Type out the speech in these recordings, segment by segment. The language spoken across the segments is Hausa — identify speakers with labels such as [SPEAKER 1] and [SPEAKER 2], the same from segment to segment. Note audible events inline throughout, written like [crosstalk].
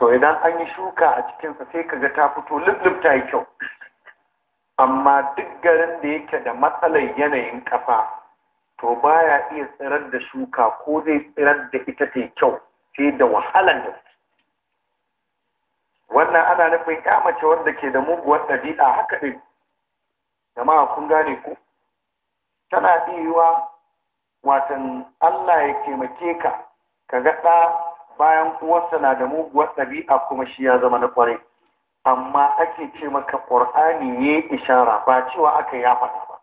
[SPEAKER 1] to idan an yi shuka a cikinsa sai kaga ta fito lullub ta yi kyau amma duk garin da yake da matsalar yanayin kafa to baya iya tsirar da shuka ko zai tsirar da ita ta kyau sai da wahalar da wannan ana nufin mace wanda ke da muguwar ɗabi'a haka ɗin jama'a kun gane ku tana iya watan Allah ya taimake ka ka ga ɗa bayan uwarsa na da muguwar ɗabi'a kuma shi ya zama na ƙwarai amma ake ce maka ƙur'ani ya yi ishara ba cewa aka ya faɗa ba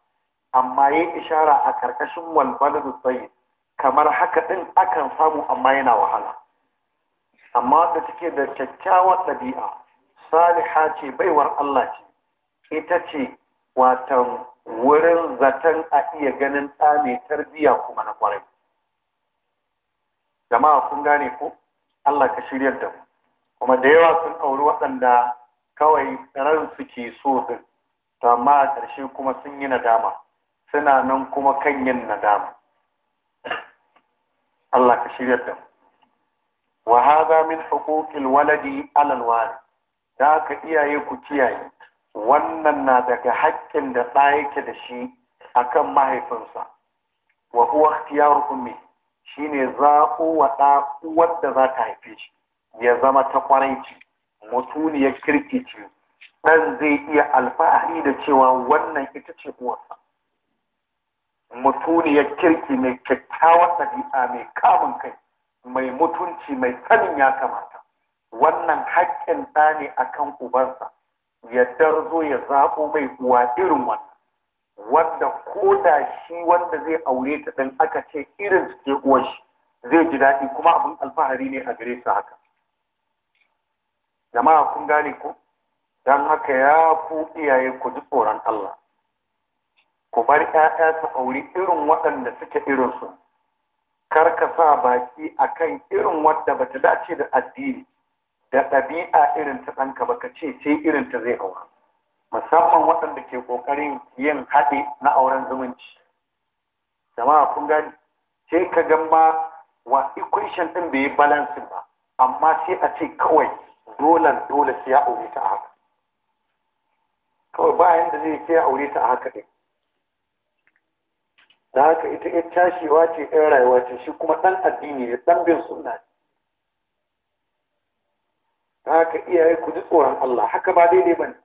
[SPEAKER 1] amma ya yi ishara a ƙarƙashin walbalin tsaye kamar haka ɗin akan samu amma yana wahala amma da take da kyakkyawar ɗabi'a saliha ce baiwar Allah ce ita ce watan wurin zaton a iya ganin ɗa mai tarbiyya kuma na ƙwarai jama'a kun gane ko Allah ka shiryar da mu
[SPEAKER 2] kuma da yawa
[SPEAKER 1] sun auri waɗanda kawai ran suke so din to amma a ƙarshe kuma sun yi nadama suna nan kuma kan yin nadama Allah ka shiryar da mu wa hadha min huquqil waladi ala alwalid da ka iyaye ku kiyaye wannan na daga haƙƙin da ɗa yake da shi akan mahaifinsa wa huwa ikhtiyaru ummi shine zaɓo wa ɗa da za ta haife shi ya zama ta kwarai ci, mutuniyar kirki ce ɗan zai iya alfahari da cewa wannan ita ce uwarsa mutuniyar kirki mai kyakkyawar ɗabi'a mai kamun kai mai mutunci mai sanin ya kamata wannan haƙƙin ɗa ne akan ubansa ya darzo ya zaɓo mai uwa irin wannan wanda ko da shi wanda zai aure ta ɗan aka ce irin su ke shi zai ji daɗi kuma abin alfahari ne a gare su haka jama'a kun gane ku, don haka ya ku iyaye ku ji tsoron Allah ku bar 'ya'ya su aure irin waɗanda suke irin su kar ka sa baki akan irin wanda bata dace da addini da ɗabi'a irin ta ɗanka ba ka ce sai irin ta zai aura musamman waɗanda ke ƙoƙarin yin haɗe na auren zumunci jama'a kun gani sai ka ga ma wa equation ɗin bai yi balansin ba amma sai a ce kawai dole dole sai ya aure ta a haka kawai ba da zai sai ya aure ta a haka ɗin da haka ita ya tashiwa ce ɗan rayuwa ce shi kuma ɗan addini ne ɗan bin sunna ne da haka iyaye ku ji tsoron Allah haka ba daidai ba ne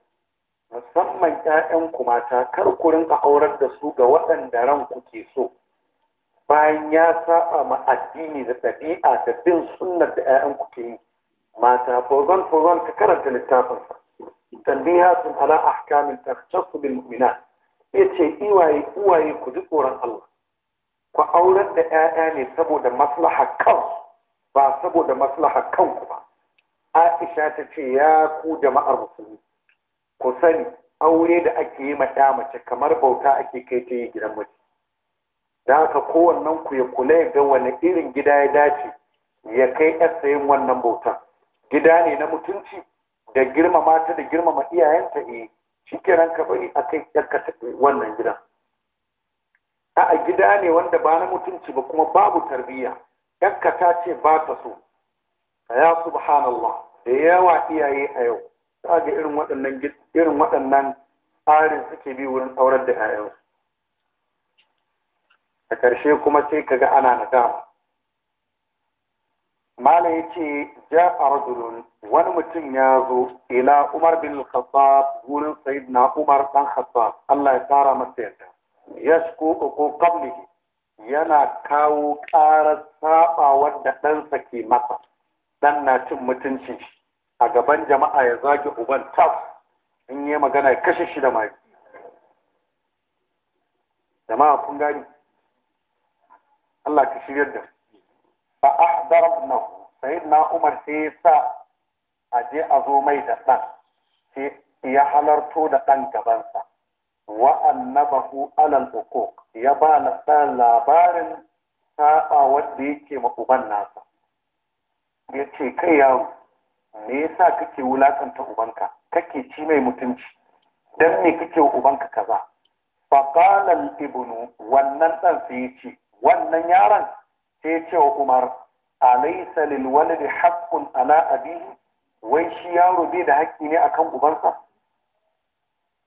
[SPEAKER 1] musamman 'ya'yanku mata kar ku rinka aurar da su ga waɗanda ran kuke so bayan ya saba ma addini da ɗabi'a da bin sunnar da ƴaƴan ku ke yi mata fogon fogon ka karanta littafin sun ala ahkamin bin bil Ya yace iwaye uwaye ku ji tsoron Allah ku aurar da ‘ya'ya ne saboda maslaha kansu ba saboda maslaha kanku ba Aisha ta ce ya ku jama'ar musulmi ku sani aure da ake yi maɗa mace kamar bauta ake kai ta yi gidan mace da haka kowannen ku ya kula ya ga wani irin gida ya dace ya kai yarsa yin wannan bauta gida ne na mutunci da girmama ta da girmama iyayenta eh shi kenan ka bari a kai ƴarka ta wannan gidan a gida ne wanda ba na mutunci ba kuma babu tarbiyya ƴarka ta ce ba ta so ya subhanallah da yawa iyaye a yau ta ga irin waɗannan irin waɗannan tsarin suke bi wurin aurar da 'ya'yansu a ƙarshe kuma sai ka ga ana nadama mala ya ce ja a rajulun wani mutum ya zo ila umar bin khattab wurin sayid na umar dan khattab Allah ya tsara masa yadda ya shiko ko qablihi yana kawo ƙarar saɓa wanda ɗansa ke masa dan na cin mutuncin shi a gaban jama'a ya zage uban taf in yi magana ya kashe shi da mai jama'a kun gani Allah ka shirya da fa ahdarna sayyidina Umar sai ya sa a je a zo mai da ɗan sai ya halarto da ɗan gabansa wa annabahu alal uquq ya ba na ɗan labarin sa'a wanda yake ma uban nasa ya ce kai yaro me yasa kake wulakanta ubanka kake ci mai mutunci dan me kake wa ubanka kaza fa qala ibnu wannan dan sai ya ce. wannan yaron sai ya ce wa umar alaysa lil waladi haqqun ala abihi wai shi yaro bai da haƙƙi ne akan ubansa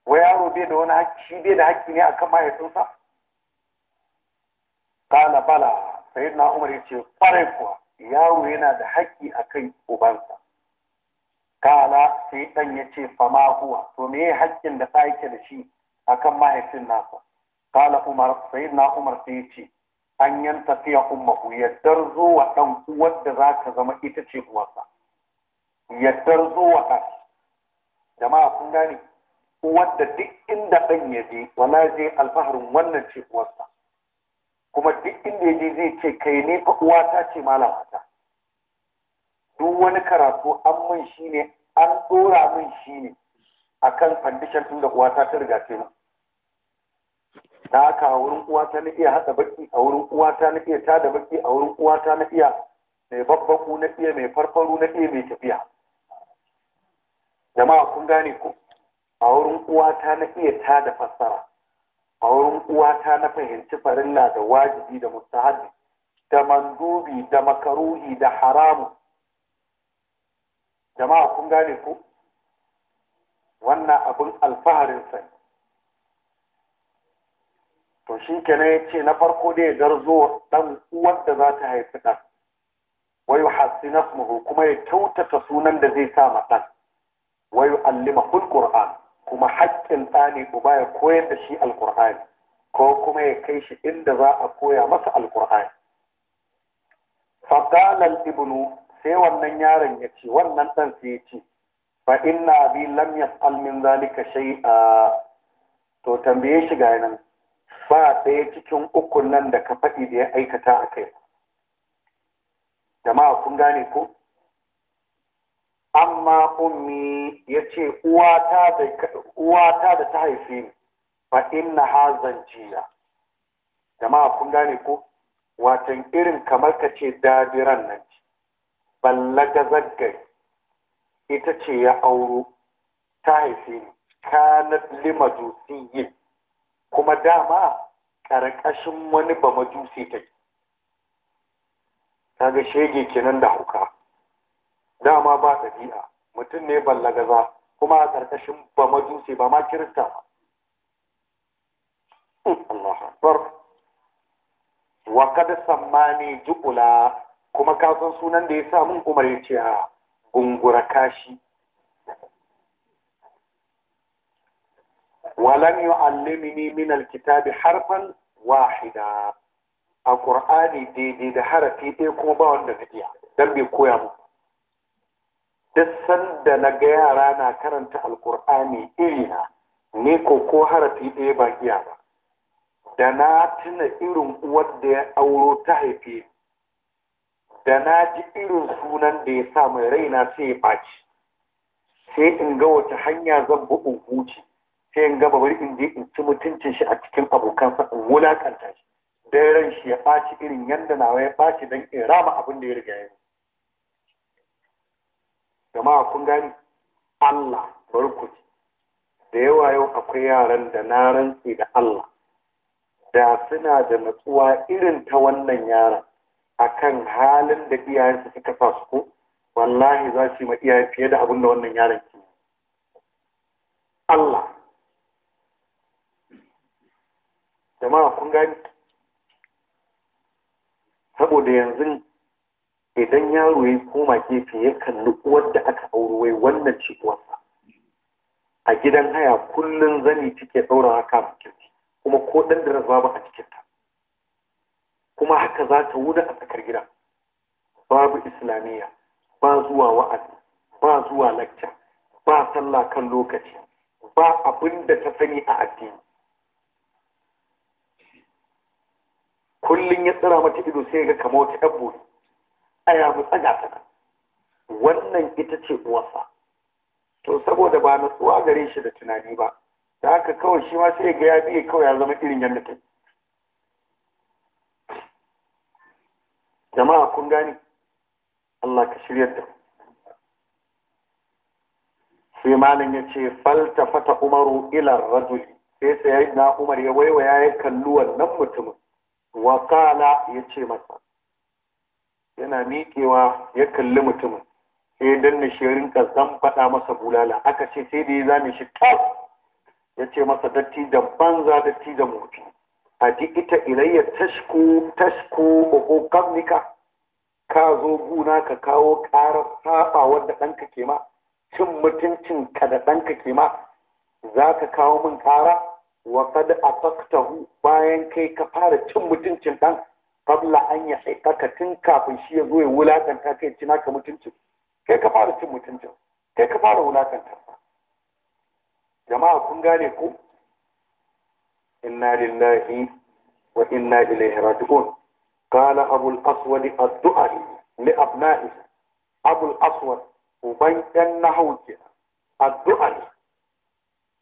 [SPEAKER 1] wai yaro bai da wani haƙƙi shi bai da haƙƙi ne akan mahaifinsa qala bala sayyidina umar ce kwarai kuwa yaro yana da haƙƙi akan ubansa kala sai dan ya ce fama huwa to me ya haƙƙin da ta yake da shi a kan mahaifin nasa kala umar sai na umar sai ya ce an yan tafiya ummahu yaddar zuwa dan uwar da za ka zama ita ce uwarsa yaddar zuwa wa jama'a kun gane uwar da duk inda Dan ya je wala je alfaharin wannan ce uwarsa kuma duk inda ya je zai ce kai ne fa uwata ce malamata duk wani karatu an mun shi ne an ɗora mun shi ne a kan fandishan tun da uwata ta riga ce mu ta haka a wurin uwata na iya haɗa baki a wurin uwata na iya tada baki a wurin uwata na iya mai babbaku na iya mai farfaru na iya mai tafiya jama'a kun gane ku a wurin uwata na iya tada fassara a wurin uwata na fahimci farilla da wajibi da mustahabi da mandubi da makaruhi da haramu jama'a kun gane ku. wannan abin sai to shi kenan ya ce na farko da ya garzo ɗan uwar da za ta haifi ɗan wa yuhassina ismuhu kuma ya kyautata sunan da zai sa ma ɗan wa yu'allimahu qur'an kuma haƙƙin ɗa ne uba ya koyar da shi Alƙur'ani, ko kuma ya kai shi inda za a koya masa Alƙur'ani. fa qala sai wannan yaron ya ce wannan ɗan sai ya ce fa inna bi lam yas'al min zalika a to tambaye shi ga nan ba ɗaya cikin uku nan da ka faɗi da ya aikata a kai jama'a kun gane ko amma ummi ya ce uwata da ta haife ni fa inna ha jama'a kun gane ko watan irin kamar ka ce dadiran nan ce ballaga zaggai ita ce ya auro ta haife ni kanat yin, kuma dama ƙarƙashin wani ba majusi Ta ga shege kenan da hauka dama ba ɗabi'a mutum ne ballagaza kuma a ƙarƙashin ba majusi ba ma kirista ba Allah akbar wa kada sammani ju'ula kuma kasan sunan da ya sa mun umar ya ce a gungura kashi walam ne min alkitabi harfan wahida a ƙur'ani daidai da harafi ɗaya kuma ba wanda na iya dan bai koya mu duk sanda na ga yara na karanta alkur'ani irina ne ko ko harafi ɗaya ba giya ba da na tuna irin uwar da ya auro ta haife da na ji irin sunan da ya sa mai raina sai ya ɓaci sai in ga wata hanya zan buɗe huci sai in ga bari in je in ci mutuncin shi a cikin abokan sa in wulakanta shi dan ran shi ya ɓaci irin yadda nawa ya ɓaci don in rama abin da ya riga ya gama kun gani Allah barkuci da yawa yau akwai yaran da na rantse da Allah da suna da natsuwa irin ta wannan yaran akan halin da su suka sa ko wallahi za su yi ma iyaye fiye da abin da wannan yaron ke Allah jama'a kun gani saboda yanzu idan yaro ya koma gefe ya kalli uwar da aka auro wai wannan ce uwarsa a gidan haya kullum zani cike ɗaura haka kuma ko ɗan da babu a cikinta kuma haka za ta wuda a tsakar gida babu islamiyya ba zuwa wa'azi ba zuwa lacca ba sallah kan lokaci ba abin da ta sani a addini kullum ya tsira mata ido sai ga kama wata ɗan buri. a ya mu tsaga ta wannan ita ce uwarsa to saboda ba natsuwa gare shi da tunani ba da haka kawai shi ma sai ga ya biye kawai ya zama irin yadda yi jama'a kun gani Allah ka shirya da sai malin ya ce falta fata umaru ilar rajuli sai sai na umar ya waiwaya ya kallu wannan mutumin wa kala ya ce masa yana miƙewa ya kalli mutumin sai danna shirin rinka zan faɗa masa bulala aka ce sai da ya zame shi tas ya ce masa datti da banza datti da mutum ita ilayya tashku tashku ko qabnika ka zo guna ka kawo karar saba wanda ɗanka ke ma cin mutuncin ka da ɗanka ke ma za ka kawo min ƙara wa kad afaktahu bayan kai ka fara cin mutuncin ɗan kabla an ya haikaka tun kafin shi ya zo ya wulakanta kai cina naka mutuncin kai ka fara cin mutuncin kai ka fara wulakanta jama'a kun gane ko Inna lillahi إنا لله وإنا إليه راجعون قال أبو الأسود الدؤلي لأبنائه أبو الأسود وبين أنه Wata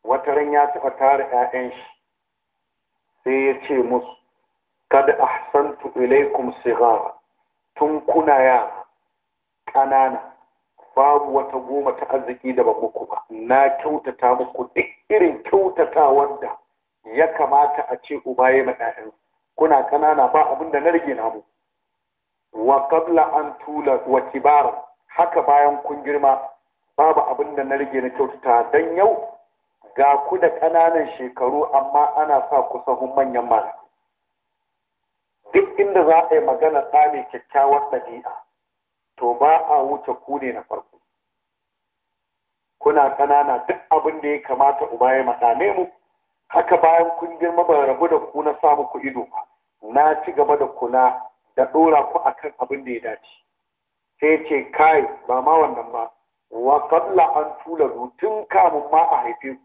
[SPEAKER 1] wataran ya taɓa tare ‘ya'yan shi sai ya ce musu kada ahsantu ilaikum sigara tun kuna yara ƙanana babu wata goma ta arziki da ba muku ba na kyautata muku duk irin kyautata wanda ya kamata a ce uba ya ɗayan kuna kanana ba abin da na rage namu wa qabla an tula wa kibara haka bayan kun girma babu abin da na rage na kyautata dan yau ga ku da kananan shekaru amma ana sa ku sahun manyan mara duk inda za a yi magana ta mai kyakkyawar ɗabi'a to ba a wuce ku ne na farko kuna kanana duk abin da ya kamata uba ya maɗa mu haka bayan kun girma ba rabu da ku na sa muku ido ba na ci gaba da kula da ɗora ku akan abin da ya dace sai ce kai ba ma wannan ba wa kalla an tula tun kamun ma a haife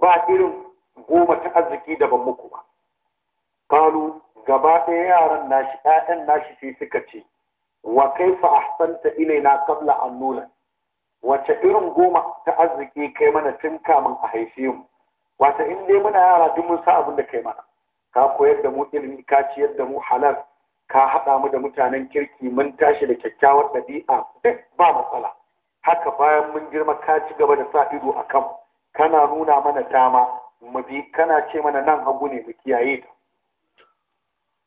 [SPEAKER 1] ba irin goma ta arziki da ban muku ba kalu gaba ɗaya yaran nashi ƴaƴan nashi sai suka ce wa kaifa ahsanta ilaina qabla an nuna wace irin goma ta arziki kai mana tun kamun a haife mu wata in dai muna yara duk mun san abin da kai mana ka koyar da mu ilimi ka ciyar da mu halal ka haɗa mu da mutanen kirki mun tashi da kyakkyawar ɗabi'a duk ba matsala haka bayan mun girma ka ci gaba da sa ido a kan kana nuna mana dama mu bi kana ce mana nan hagu ne mu kiyaye ta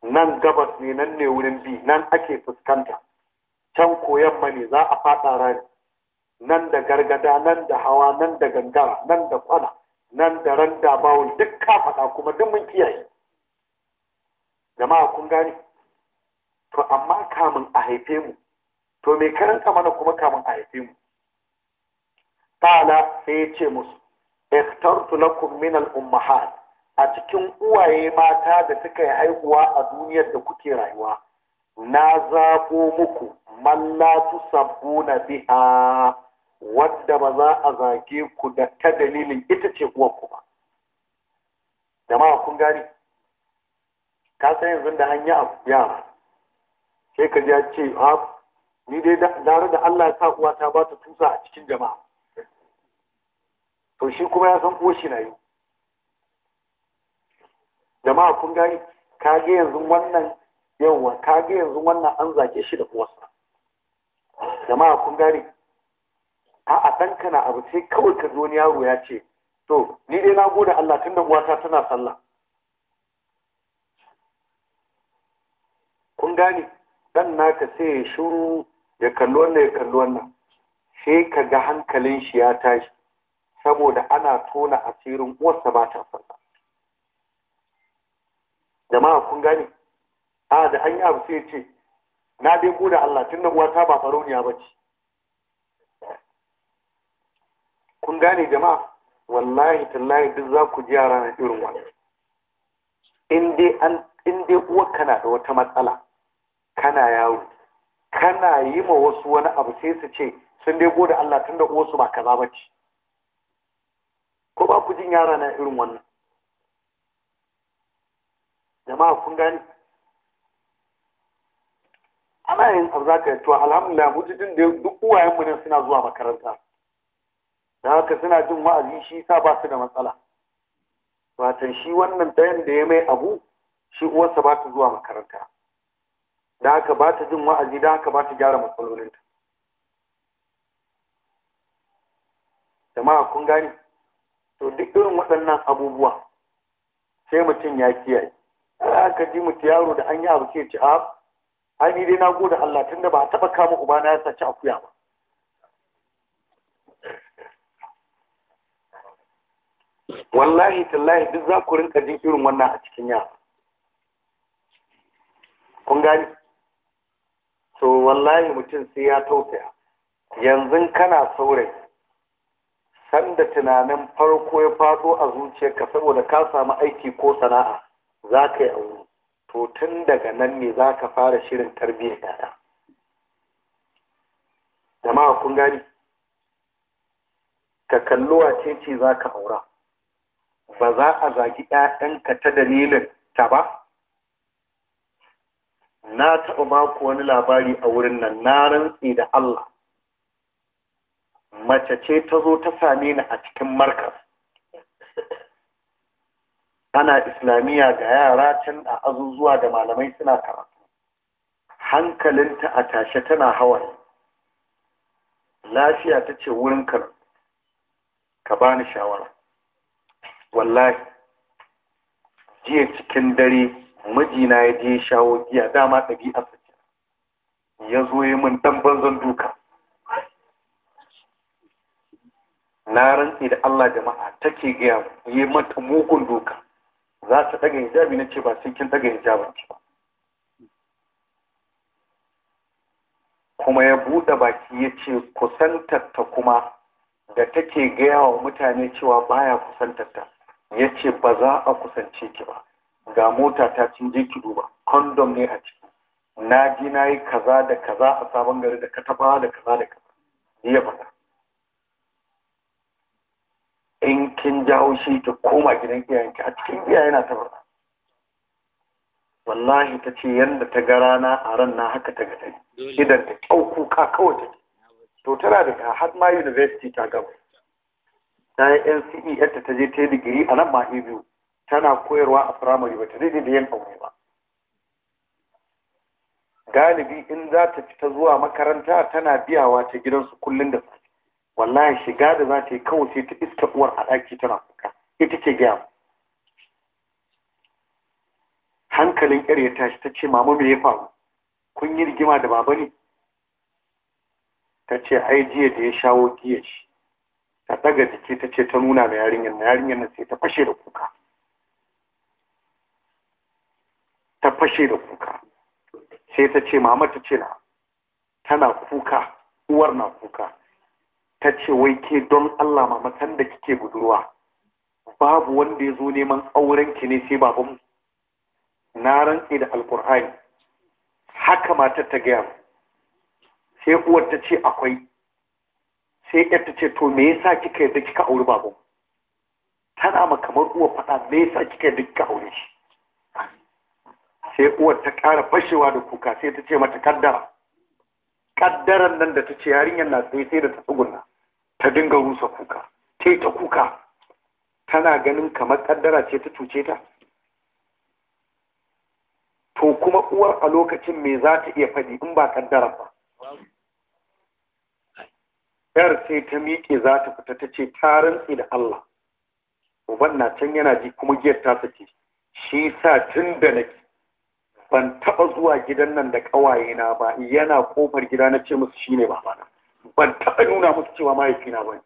[SPEAKER 1] nan gabas ne nan ne wurin bi nan ake fuskanta can koyan ma ne za a faɗa rani nan da gargada nan da hawa nan da gangara nan da kwana nan da ran da bawul duk ka faɗa kuma duk mun kiyaye jama'a kun gane to amma kamun a haife mu to me karanta mana kuma kamun a haife mu ta'ala sai ce musu ikhtartu lakum min al-ummahat a cikin uwaye mata da suka yi haihuwa a duniyar da kuke rayuwa na zabo muku mallatu la tusabbuna biha wadda ba za a zage ku da ta dalilin ita ce uwanku ba jama'a kun gani ka san yanzu da hanya a yara sai ka ya ce ha ah, ni dai dare da Allah ya sa uwa ta ba ta tusa a cikin jama'a to shi kuma ya san ko shi na yi jama'a kun gani ka ga yanzu wannan yawa ka ga yanzu wannan an zage shi da uwarsa jama'a kun gani a'a dan kana abu sai kawai ka zo wani yaro ya ce to ni dai na gode Allah da uwata tana sallah kun gane dan naka sai ya shiru ya kalli wannan ya kalli wannan sai ka ga hankalin shi ya tashi saboda ana tona asirin uwarsa ba ta sallah jama'a kun gane a da an yi abu sai ce na dai gode Allah da uwata ba faruniya ba ce kun gane jama'a wallahi tallahi duk za ku ji yara na irin wani in dai uwa kana da wata matsala kana yawo kana yi ma wasu wani abu sai su ce sun dai gode Allah tunda su ba kaza ba ce ko ba ku jin yara na irin wannan jama'a kun gane ana yin abu za ka yi to alhamdulillah mutu da duk uwayenmu ne suna zuwa makaranta da haka suna jin wa'azi shi sa ba su da matsala watan shi wannan ɗayan da ya mai abu shi uwarsa ba ta zuwa makaranta da haka ba ta jin wa'azi da haka ba ta gyara matsalolinta jama'a kun gani to duk irin waɗannan abubuwa sai mutum ya kiyaye aka ji mutu yaro da an yi abu ke ci a dai na gode Allah tunda ba a taɓa kama na ya saci akuya ba wallahi tallahi duk za ku rinka jin irin wannan a cikin yara kun gani to wallahi mutum sai ya tausaya yanzu kana saurayi sanda tunanin farko ya faɗo a zuciyarka saboda ka samu aiki ko sana'a za ka yi auri, to tun daga nan ne za ka fara shirin tarbiyyar yara jama'a kun gani ka kalluwa ce ce za ka aura ba za a zagi ‘ya'yanka ta dalilin ta ba? Na taɓa mako wani labari a wurin nan na rantsi da Allah. Mace ce ta zo ta same ni a cikin markar. Ana islamiyya ga yara can a azuzuwa da malamai suna karatu. Hankalinta a tashe tana hawan. Lafiya ta ce wurin karatu. Ka bani shawara. wallahi jiya cikin dare mijina ya je shawo giya dama ɗabi'a ce ya zo yi min ɗan banzan duka na rantse da Allah jama'a take gaya yi mata mugun duka za ta ɗaga hijabi na ce ba sai kin ɗaga hijabin ki ba kuma ya buɗe baki ya ce kusantarta kuma da take gaya wa mutane cewa baya ta ya ce ba za a kusance ki ba ga mota ta cin je ki duba kondom ne a ciki na ji na yi kaza da kaza a sabon gari da kataba da kaza da kaza ya faɗa in kin jawo shi ki koma gidan iyayenki a cikin iyayen na tabbata wallahi ta ce yadda ta ga rana a ran na haka ta ga ta idan ta kyau kuka kawai ta to tana da har ma university ta gaba ta yi NCE yadda ta je ta yi digiri a nan a biyu tana koyarwa a firamare ba ta daidai da yin aure ba galibi in za ta fita zuwa makaranta tana biyawa ta gidansu kullum da safe wallahi shiga da za ta yi kawai sai ta iska uwar a ɗaki tana kuka ita ke gaya hankalin ƙyar ya tashi ta ce mama me ya faru kun yi rigima da baba ne ta ce ai jiya da ya shawo giya shi ta ɗaga jiki ta ce ta nuna da yarinyar na yarinyar nan sai ta fashe da kuka ta fashe da kuka sai ta ce mama ta ce na tana kuka uwar na kuka ta ce wai ke don Allah mama san da kike budurwa babu wanda ya zo neman auren ki ne sai babanmu na rantse da alkur'ani haka matar ta gaya sai uwar ta ce akwai sai yar ta ce to me yasa kika yadda kika auri babu? tana ma kamar uwa faɗa me yasa kika yadda kika aure shi sai uwar ta ƙara fashewa da kuka sai ta ce mata kaddara kaddaran nan da ta ce yarinyar na tsaye sai da ta tsuguna ta dinga rusa kuka ta ta kuka tana ganin kamar kaddara ce ta cuce ta to kuma uwar a lokacin me za ta iya faɗi in ba kaddara ba yar sai ta miƙe za ta fita ta ce ta rantse da Allah uban na can yana ji kuma giyar ta sake shi sa tun da nake ban taɓa zuwa gidan nan da ƙawaye na ba yana ƙofar gida na ce musu shine babana ban taɓa nuna musu cewa mahaifina ba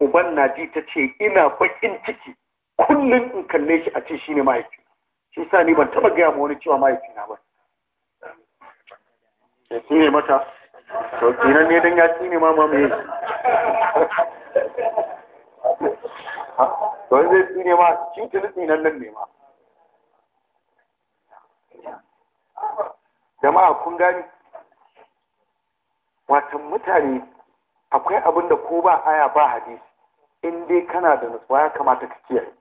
[SPEAKER 1] uban na ji ta ce ina baƙin ciki kullum in kalle shi a ce shine mahaifina shi sa ni ban taɓa gaya ma wani cewa mahaifina ba sai ne mata to kinan ne dan ya ne ma ma me to zai ne ma shi tuni tsinan nan ne ma jama'a kun gani watan mutane akwai abin da ko ba aya ba hadisi in dai kana da nutsuwa ya kamata ka kiyaye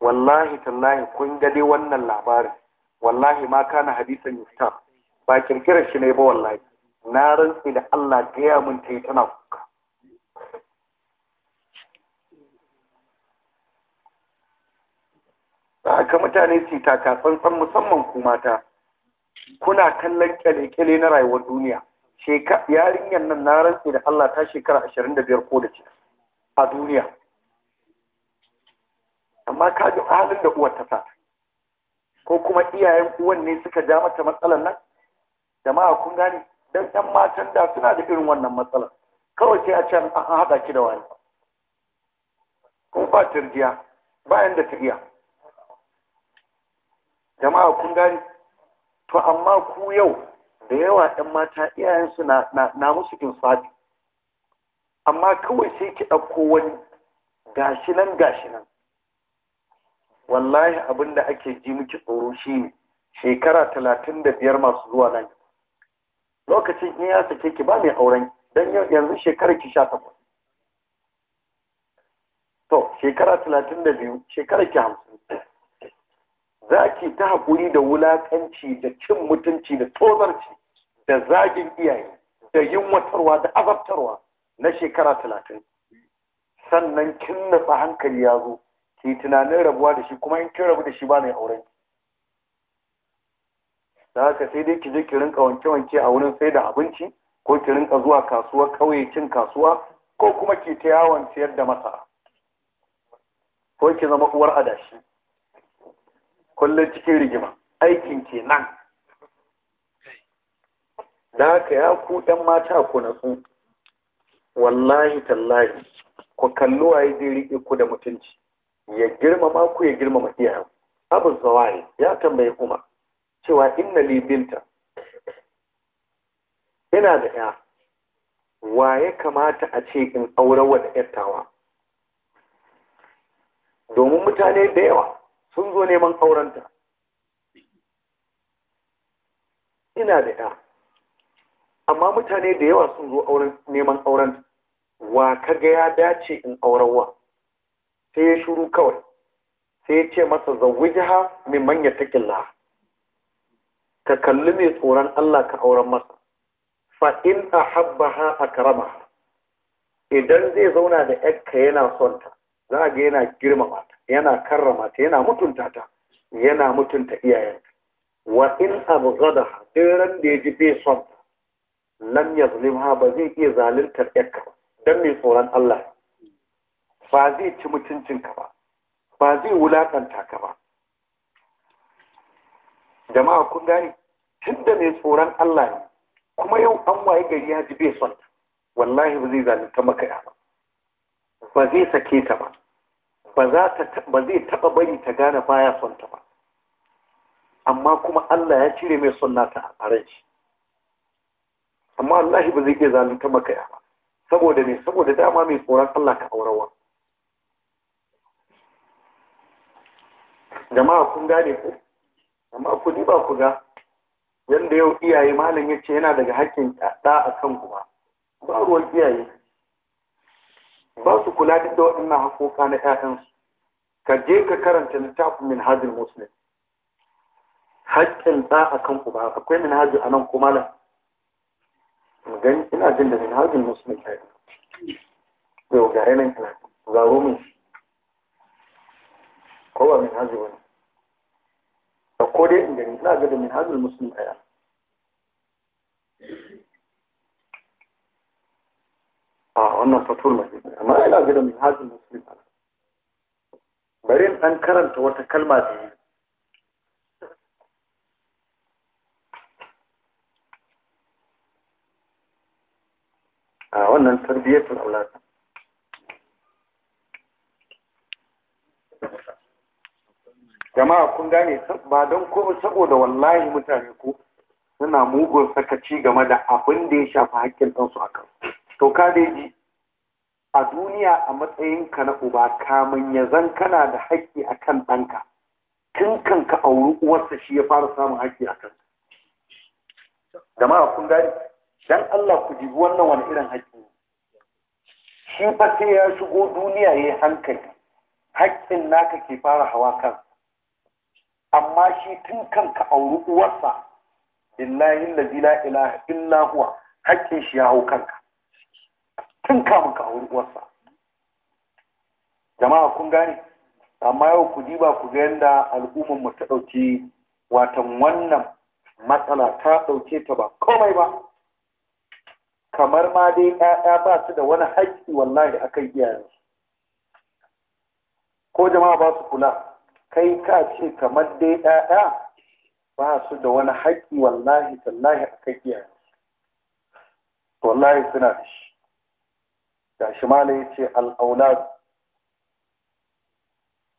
[SPEAKER 1] wallahi tallahi kun ga dai wannan labarin wallahi ma kana hadisan yusuf ba kirkirar shi ne ba wallahi na rantsi da Allah gaya mun ta yi tana kuka Ba haka mutane su taka tsantsan musamman ku mata kuna kallon kyale-kyale na rayuwar duniya yarinyar nan na rantsi da Allah ta shekara ashirin da biyar ko da ce a duniya amma ka ji halin da uwar ta sa ko kuma iyayen uwan ne suka ja mata matsalar nan jama'a kun gane dan yan matan da suna da irin wannan matsalar kawai sai a ce an haɗa ki da wani kuma ba tarjiya bayan da ta jama'a kun gane to amma ku yau da yawa yan mata iyayensu na, na, na musu insafi amma kawai sai ki ɗauko wani gashi nan gashi nan wallahi abin da ake ji miki tsoro shi ne shekara talatin da biyar masu zuwa nan lokacin in ya sake ki ba mai auren dan yanzu shekarar ki sha takwas to shekara talatin da biyu shekarar ki hamsin za ki ta haƙuri da wulakanci da cin mutunci da tozarci da zagin iyaye da yunwatarwa da azabtarwa na shekara talatin sannan kin natsa hankali ya zo ki tunanin rabuwa da shi kuma in kin rabu da shi ba mai auren ki da haka sai dai ki je ki rinka wanke-wanke a wurin sai da abinci ko ki rinka zuwa kasuwar kauye cin kasuwa ko kuma ki ta yawon siyar da masara ko ki zama uwar adashi kullum cikin rigima aikin ke nan. da haka ya ku ɗan mata ku na su wallahi tallahi ku kallo waye zai riƙe ku da mutunci ya girmama ku ya girmama iyayen abin zawari ya tambaye kuma cewa inna li binta ina da ya wa ya kamata a ce in aure wata yattawa domin mutane da yawa sun zo neman aurenta ina da ya amma mutane da yawa sun zo neman aurenta wa kaga ya dace in aurewa sai ya shuru kawai sai ya ce masa zawwijaha min man yattaqillah ka kalli mai tsoron Allah ka auren masa fa in a ƙarama. idan zai zauna da yarka yana son ta za a ga yana girmama ta yana karrama ta yana mutunta ta yana mutunta iyayenta wa in abghadaha duk da ya ji bai son ta lam ha ba zai iya zaluntar yakka ba dan mai tsoron Allah ba zai ci mutuncinka ba ba zai wulakanta ka ba jama'a kun gane tunda mai tsoron Allah ne kuma yau an waye gari ya ji bai son ta wallahi ba zai zalunta maka ya ba ba zai sake ta ba ba za ta ba zai taɓa bari ta gane baya son ta ba amma kuma Allah ya cire mai son nata a ran shi amma wallahi ba zai iya zalunta maka ya ba saboda me saboda dama mai tsoron Allah ka aurawa jama'a kun gane ko amma ku ba ku ga yanda yau iyaye malam yace yana daga hakkin ɗa a kan kuma ba ruwan iyaye ba su kula duk da waɗannan hakoka na ƴaƴansu ka je ka karanta littafin min hajjin muslim haƙƙin ɗa a kan kuma akwai min hajji a nan kuma malam gani ina jin da min hajjin muslim ya yi yau ga yanayin ga rumin kowa min hajji wani ko dai in gani na ga da minhajul musulun ɗaya, a wannan fatul masjid amma ina ga da minhajul musulun ɗaya, bari in dan karanta wata kalma da yi a wannan tarbiyyatul aulad jama'a kun gane ba don ko saboda wallahi mutane ko suna mugun sakaci game da abin da ya shafi haƙƙin ɗan a kan to ka ji a duniya a matsayinka na uba kamun ya zan kana da haƙƙi a kan ɗanka tun kan ka auri uwarsa shi ya fara samun haƙƙi a kan jama'a kun gane dan Allah ku jibi wannan wani irin haƙƙi shi fa sai ya shigo duniya ya hankali haƙƙin naka ke fara hawa kansa amma shi tun kanka auri uwarsa illahi lalzi la ilaha illa huwa haƙƙin shi ya hau kanka tun kamun ka auri uwarsa jama'a kun gane amma yau ku diba ku ga yadda al'ummar mu ta ɗauki watan wannan matsala ta ɗauke ta ba komai ba kamar ma dai ƴaƴa ba su da wani haƙƙi wallahi akan iyayensu ko jama'a ba su kula kai ka ce kamar dai ɗaya ba su da wani haƙƙi wallahi tallahi a kai iyaye wallahi suna da shi ga shi ma ya ce al'aula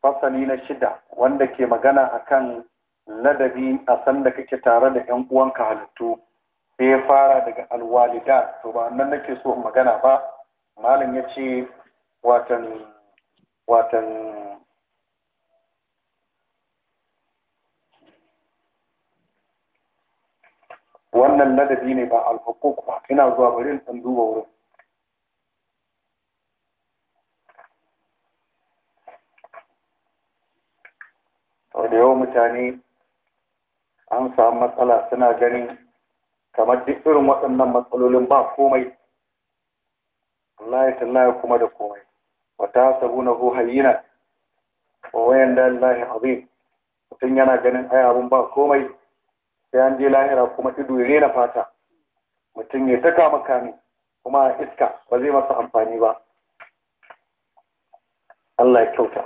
[SPEAKER 1] fasali na shida wanda ke magana a kan ladabi a sanda kake tare da ‘yan uwanka halittu sai ya fara daga alwalida to ba nan nake so magana ba malam ya ce watan watan wannan ladabi ne ba alhuquq ba ina zuwa bari in san duba wurin to da yawan mutane an samu matsala suna ganin kamar duk irin waɗannan matsalolin ba komai Allah ya kuma da komai wa na hayyina wa wayan da Allah azim mutum yana ganin ayabin ba komai sai an je lahira kuma ido ya rena fata mutum ya saka makami kuma iska ba zai masa amfani ba Allah ya kyauta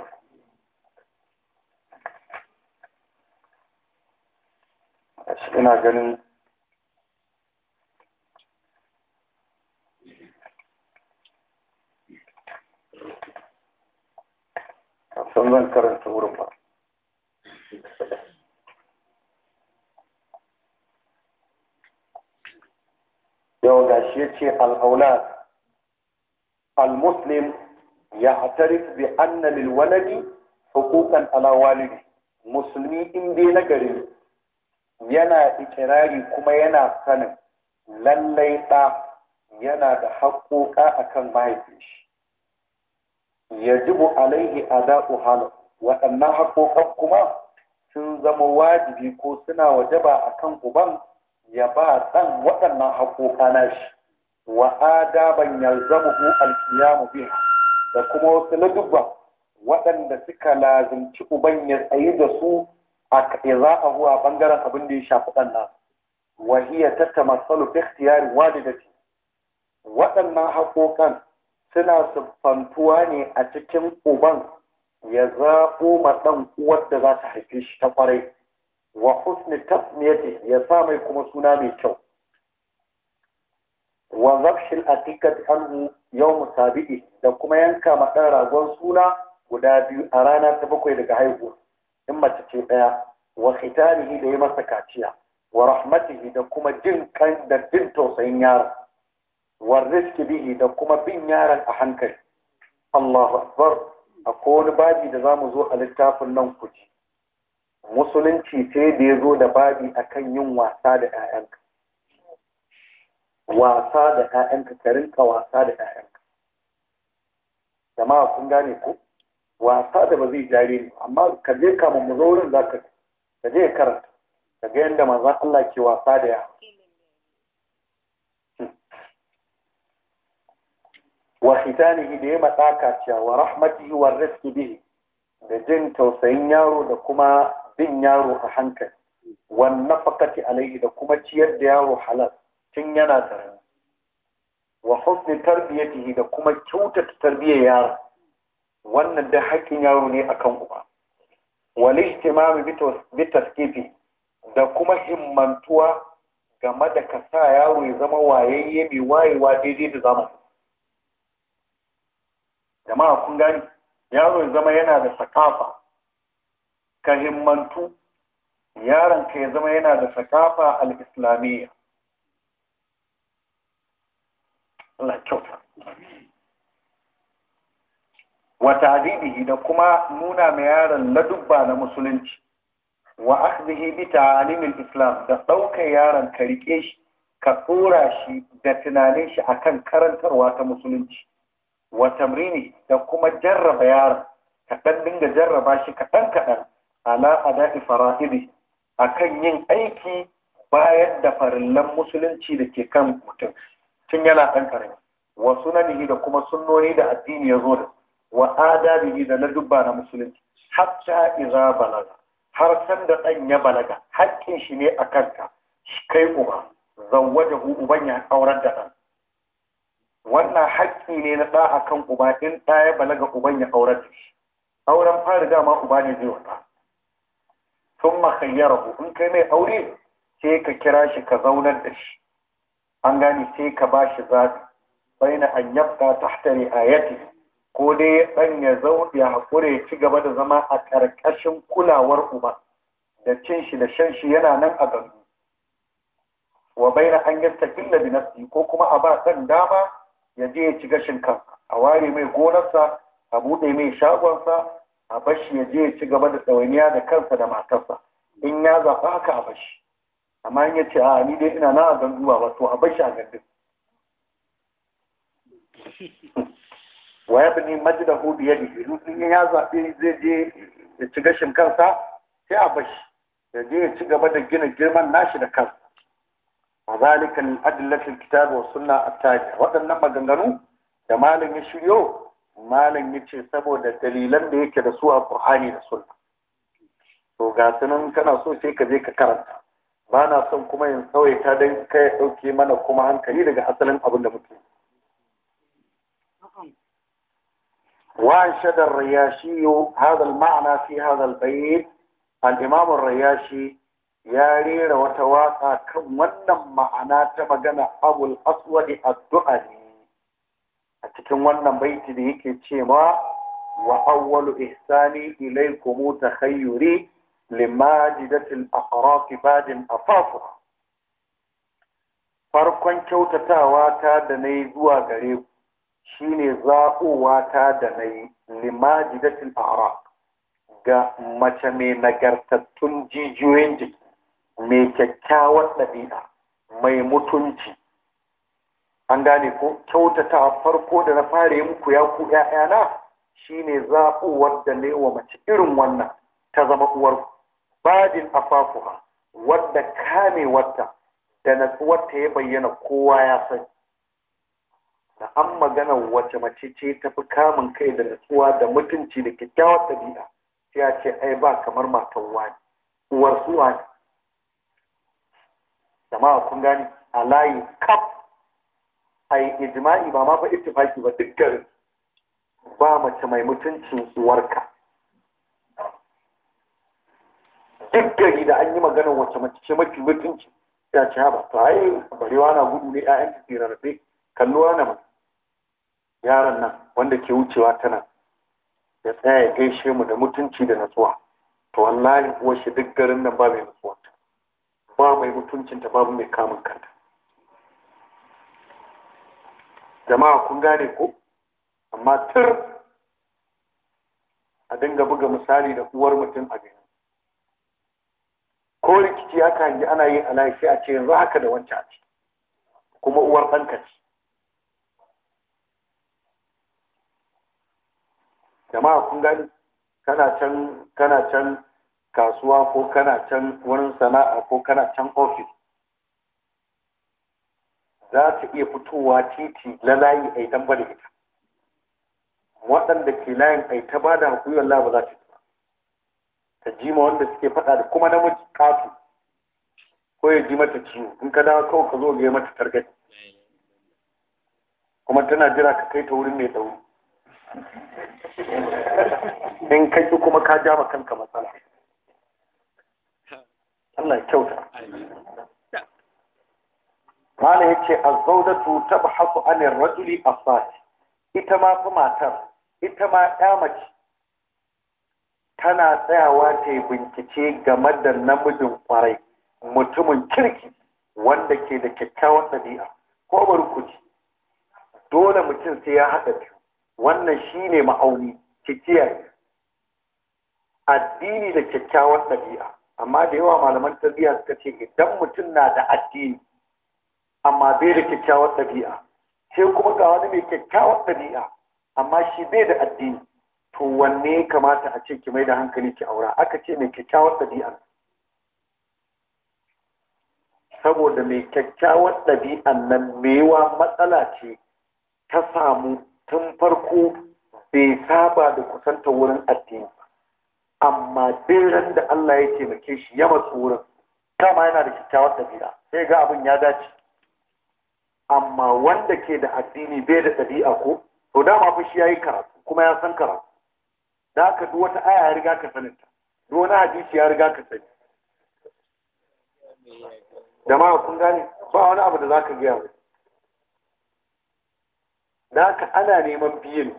[SPEAKER 1] ina ganin san zan karanta wurin ba shi ya ce al-muslim ya hatarif bi anna lil waladi hukukan ala musulmi in dai na gari yana ikirari kuma yana sanin lallai ɗa yana da haƙoƙa akan mahaifin shi yajibu alaihi ada'u halu waɗannan haƙoƙan kuma sun zama wajibi ko suna wajaba akan uban ya ba ɗan waɗannan haƙoƙa na shi wa adaban yalzamuhu alqiyamu biha da kuma wasu ladubba waɗanda suka lazimci uban ya tsayi da su a za a zuwa bangaren abin da ya shafi ɗan nan wa hiya tatamassalu fi ikhtiyari walidati waɗannan haƙoƙan suna siffantuwa ne a cikin uban ya zaɓo ma ɗan uwar da za ta haife shi ta ƙwarai wa husni tasmiyati ya sa mai kuma suna mai kyau wa zabshil atiqat anhu yau musabi'i da kuma yanka ma ɗan ragon suna guda biyu a rana ta bakwai daga haihuwa in mace ce ɗaya, wa khitanihi da ya masa kaciya wa rahmatihi da kuma jin kan da jin tausayin yaron wa riski bihi da kuma bin yaron a hankali Allahu akbar akwai wani babi da zamu zo a littafin nan kuji musulunci sai da ya zo da babi akan yin wasa da 'ya'yanka wasa da ƴaƴanka ka rinka wasa da ƴaƴanka jama'a kun gane ku. wasa da ba zai jari ne amma ka je kama mu zo wurin za ka je karanta ka ga yadda maza Allah ke wasa da yawa. wa hitanihi da ya matsaka cewa wa rahmatihi wa rizqi bihi da jin tausayin yaro da kuma bin yaro a hankali wa nafaqati alayhi da kuma ciyar da yaro halal tun yana karami wa husni tarbiyatihi da kuma kyautata tarbiyyar yaro wannan da haƙƙin yaro ne akan uba wal ihtimam bi taskifi da kuma himmantuwa game da ka sa yaro ya zama wayayye mai wayewa daidai da zama jama'a kun gani yaro ya zama yana da sakafa ka himmantu yaron ka ya zama yana da sakafa al-islamiyya Allah kyauta wata da kuma nuna mai yaron ladubba na musulunci wa akhdhihi bi alimin islam da ɗaukar yaron ka rike shi ka tsora shi da tunanin shi akan karantarwa ta musulunci wa tamrini da kuma jarraba yaron ka ɗan dinga jarraba shi kaɗan kaɗan ala ada'i fara'idi akan yin aiki bayan da farillan musulunci da ke kan mutum tun yana ɗan karami wa sunanihi da kuma sunnoni da addini ya zo da wa adabihi da ladubba na musulunci hatta iza balaga har san da ɗan ya balaga haƙƙin shi ne a kanka kai uba hu uban ya aurar da ɗan wannan haƙƙi ne na ɗa a kan uba in ɗa ya balaga uban ya aurar da shi auren fara dama uba ne zai wata sun makayyarahu in kai mai aure sai ka kira shi ka zaunar da shi an gane sai ka ba shi zaɓi baina an yabqa a yati ko dai dan ya zau ya haƙure ya ci gaba da zama a ƙarƙashin kulawar uba da cin shi da shan shi yana nan a gandu wa baina an yastakilla bi nafsi ko kuma a ba san dama ya je ya ci gashin kansa a ware mai gonarsa a buɗe mai shagonsa a bashi ya je ya ci gaba da ɗawainiya da kansa da matarsa in ya zaɓa haka a bashi amma in yace a ni dai ina na a zuwa ba to a bar shi a [laughs] wa ya bani majida hu biya da in ya zaɓe zai je ya ci gashin kansa sai a bar shi ya je ya ci gaba da gina girman nashi da kansa a zalikan adillatin kitabu wa sunna attajiya waɗannan maganganu da malin ya shiryo malin ya ce saboda dalilan da yake da su a ƙur'ani da sunna to ga kana so sai ka je ka karanta ba na son kuma yin tsawai ta don kai ɗauke mana kuma hankali daga asalin abin da muke. Wa shadar rayashi yo, hadal ma'ana fi hadal bayi, al'imamun rayashi ya rera wata waƙa kan wannan ma'ana ta magana abul aswadi addu'a ne. A cikin wannan baiti da yake cewa wa awwalu ihsani ilaykum Hayyuri. limajidatil aqraqi badin afafu farkon kyautatawa ta da nayi zuwa gare ku shine zaɓowa ta da nayi limajidatil aqraq ga mace mai nagartattun jijiyoyin jiki mai kyakkyawar ɗabi'a mai mutunci an gane ko kyautata farko da na fara yi muku ya ku ‘ya'yana shine zaɓowar da yi wa mace irin wannan ta zama uwar badin afafuha wadda kamewarta da natsuwarta ya bayyana kowa ya san da an magana wace mace ce ta fi kamun kai da natsuwa da mutunci da kyakkyawar ɗabi'a ya ce ai ba kamar matan wani uwar su wani jama'a kun gani a layi kaf ai ijma'i ba ma fa ittifaki ba dukkan ba mace mai mutuncin uwarka duk gari da an yi magana wacce mace ce mafi mutunci ya ce ba to ai barewa na gudu ne ƴaƴan ta tirarbe kalluwa na yaron nan wanda ke wucewa tana ya tsaya ya gaishe mu da mutunci da natsuwa to wallahi kuwa shi duk garin nan ba mai natsuwa ba mai mutuncinta babu mai kamun kanta jama'a kun gane ko amma tur a dinga buga misali da uwar mutum a gani ko rikici haka hangi ana yi ana sai a ce yanzu haka da wancan a ce kuma uwar ɗanka ce jama'a kun gani kana can kana can kasuwa ko kana can wurin sana'a ko kana can ofis za ta iya fitowa titi na layi a yi da ita waɗanda ke layin a yi ta ba da hakuri wallah ba za ta ta ji ma wanda suke faɗa da kuma namiji kafu ko ya ji mata ciwo in ka dawo kawai ka zo ga mata targadi kuma tana jira ka kai ta wurin mai dawo in ka ji kuma ka ja ma kanka matsala Allah ya kyauta Malam ya ce taba haku anin rajuli asati ita ma fi matar ita ma ya mace tana tsayawa ta bincike game da namijin kwarai mutumin kirki wanda ke da kyakkyawan ɗabi'a ko barkuci dole mutum sai ya haɗa biyu wannan shi ne ma'auni ki addini da kyakkyawan ɗabi'a amma da yawa malaman tarbiyya suka ce idan mutum na da addini amma bai da kyakkyawan ɗabi'a sai kuma ga wani mai kyakkyawan ɗabi'a amma shi bai da addini to wanne ya kamata a ce ki mai da hankali ki aura aka ce mai kyakkyawar ɗabi'a. saboda mai kyakkyawar ɗabi'a nan mewa matsala ce ta samu tun farko bai saba da kusanta wurin addini amma ran da Allah ya taimake shi ya matsu wurin dama yana da kyakkyawar ɗabi'a sai ga abin ya dace amma wanda ke da addini bai da ɗabi'a ko to dama fa shi yi karatu kuma ya san karatu da ka duk wata aya ya riga ka sanin ta duk wani hadisi ya riga ka sani Da ma kun gane ba wani abu da zaka gaya mai da haka ana neman biyan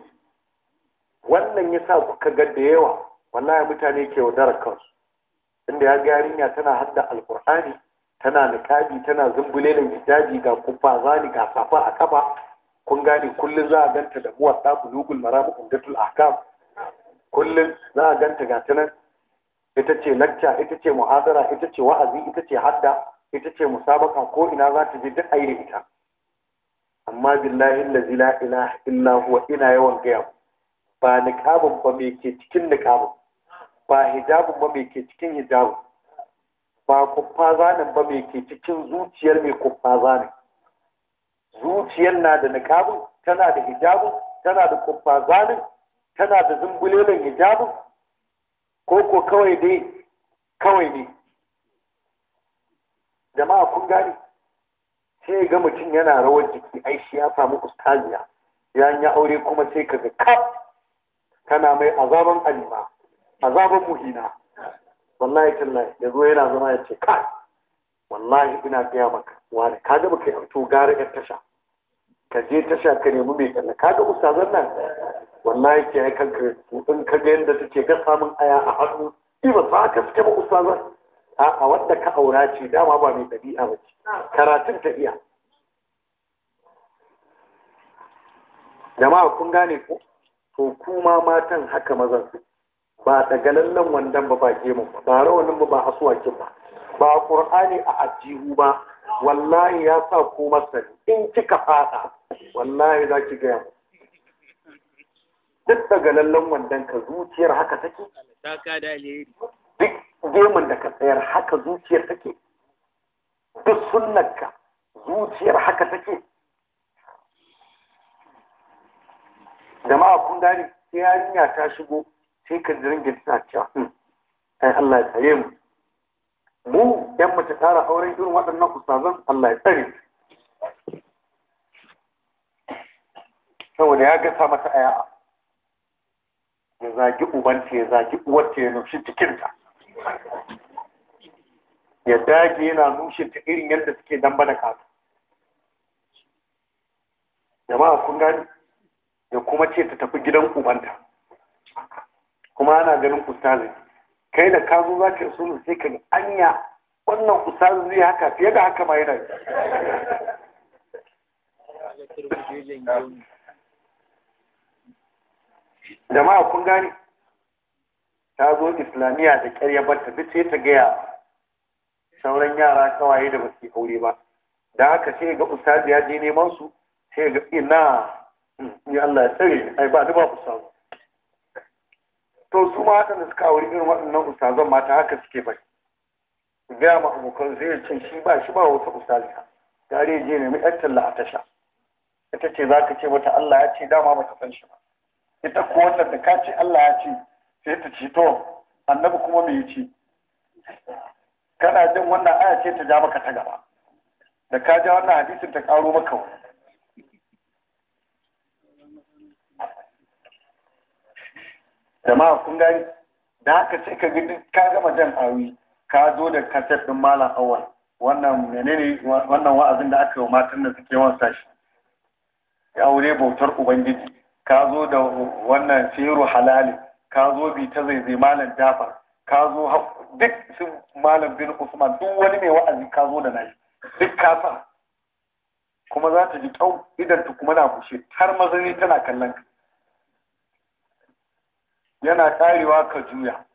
[SPEAKER 1] wannan ya sa kuka ga da yawa wallahi mutane ke wadarar kansu inda ya ga yarinya tana hadda alkur'ani tana nikabi tana zumbule da hijabi ga kufa zani ga safa a kafa kun gane kullum za a ganta da muwatta bulugul marabu umdatul ahkam kullum za a ganta gata nan ita ce lacca ita ce mu'azara ita ce wa'azi ita ce hadda ita ce musabaka ko ina za ta je duk ayi da ita amma billahi allazi la ilaha illa huwa ina yawan gaya ba niqabun ba me ke cikin niqabun ba hijabun ba me ke cikin hijabun ba kuffa zanin ba me ke cikin zuciyar mai kuffa zanin zuciyar na da niqabun tana da hijabun tana da kuffa zanin tana da zumbulelen hijabin ko ko kawai dai kawai ne jama'a kun gane sai ga mutum yana rawar jiki ai shi ya samu ustaziya ya yi aure kuma sai ka ga kaf Tana mai azaban alima azaban muhina wallahi tallahi ya zo yana zama ya ce kai wallahi ina gaya maka wani ka ga baka to gara yar tasha ka je tasha ka nemi mai kalla ka ga ustazan nan wallahi ke ai kanka in ka ga yadda take ga samun aya a hannu shi ba sa ka suke ba ustaza a wanda ka aura ce dama ba mai ɗabi'a ba ce karatun ta iya jama'a kun gane ko to kuma matan haka mazan su ba tagalallen wandan ba ba gemu ba ba rawanin ba ba asuwakin ba ba qur'ani a ajihu ba wallahi ya sa ku masani in kika fada wallahi za ki gaya duk daga lallan wandon ka zuciyar haka take duk gemun da ka tsayar haka zuciyar take duk sunnar ka zuciyar haka take jama'a kun gane sai yarinya ta shigo sai ka jirgin tana cewa hmm, ai Allah ya tsare mu mu yan mace ƙara auren irin waɗannan ustazan Allah ya tsare saboda ya gasa mata aya'a ya zagi ubanta ya zagi uwarta ya nushi cikinta ya dage yana nushe ta irin yadda suke damba da kasu jama'a kun gani ya kuma ce ta tafi gidan ubanta kuma ana ganin ustazin kai da kazo za ka ne sai ka anya wannan ustazin zai haka fiye da haka ma yana jama'a kun gane ta zo islamiyya da ƙyar ba ta duk ta gaya sauran yara kawaye da basu aure ba da haka sai ga ustazi ya je neman su sai ga ina hmm, ni Allah ya tsare ai ba duba ba ustaz to su ma da suka aure irin waɗannan ustazan mata haka suke bai gaya ma abokan zai ce shi ba shi ba wata ka gare je nemi ƴar talla a tasha ita ce za ka ce mata Allah ya ce dama ba ta san shi ba ita ko wannan da ka ce Allah ya ce sai ta ce to annabi kuma me ce kana jin wannan aya ce ta ja maka ta gaba da ka ja wannan hadisin ta karo maka wani jama'a kun gani da haka ce ka gidi ka gama jan awi ka zo da kaset din malam awal wannan menene wannan wa'azin da aka yi matan da suke wasa shi ya aure bautar ubangiji ka zo da wannan firu halali ka zo bi ta zai malam jafar ka zo duk su malam bin usman duk wani mai wa'azi ka zo da nashi duk ka sa kuma za ta ji kau idan ta kuma na bushe har mazani tana kallon ka yana karewa ka juya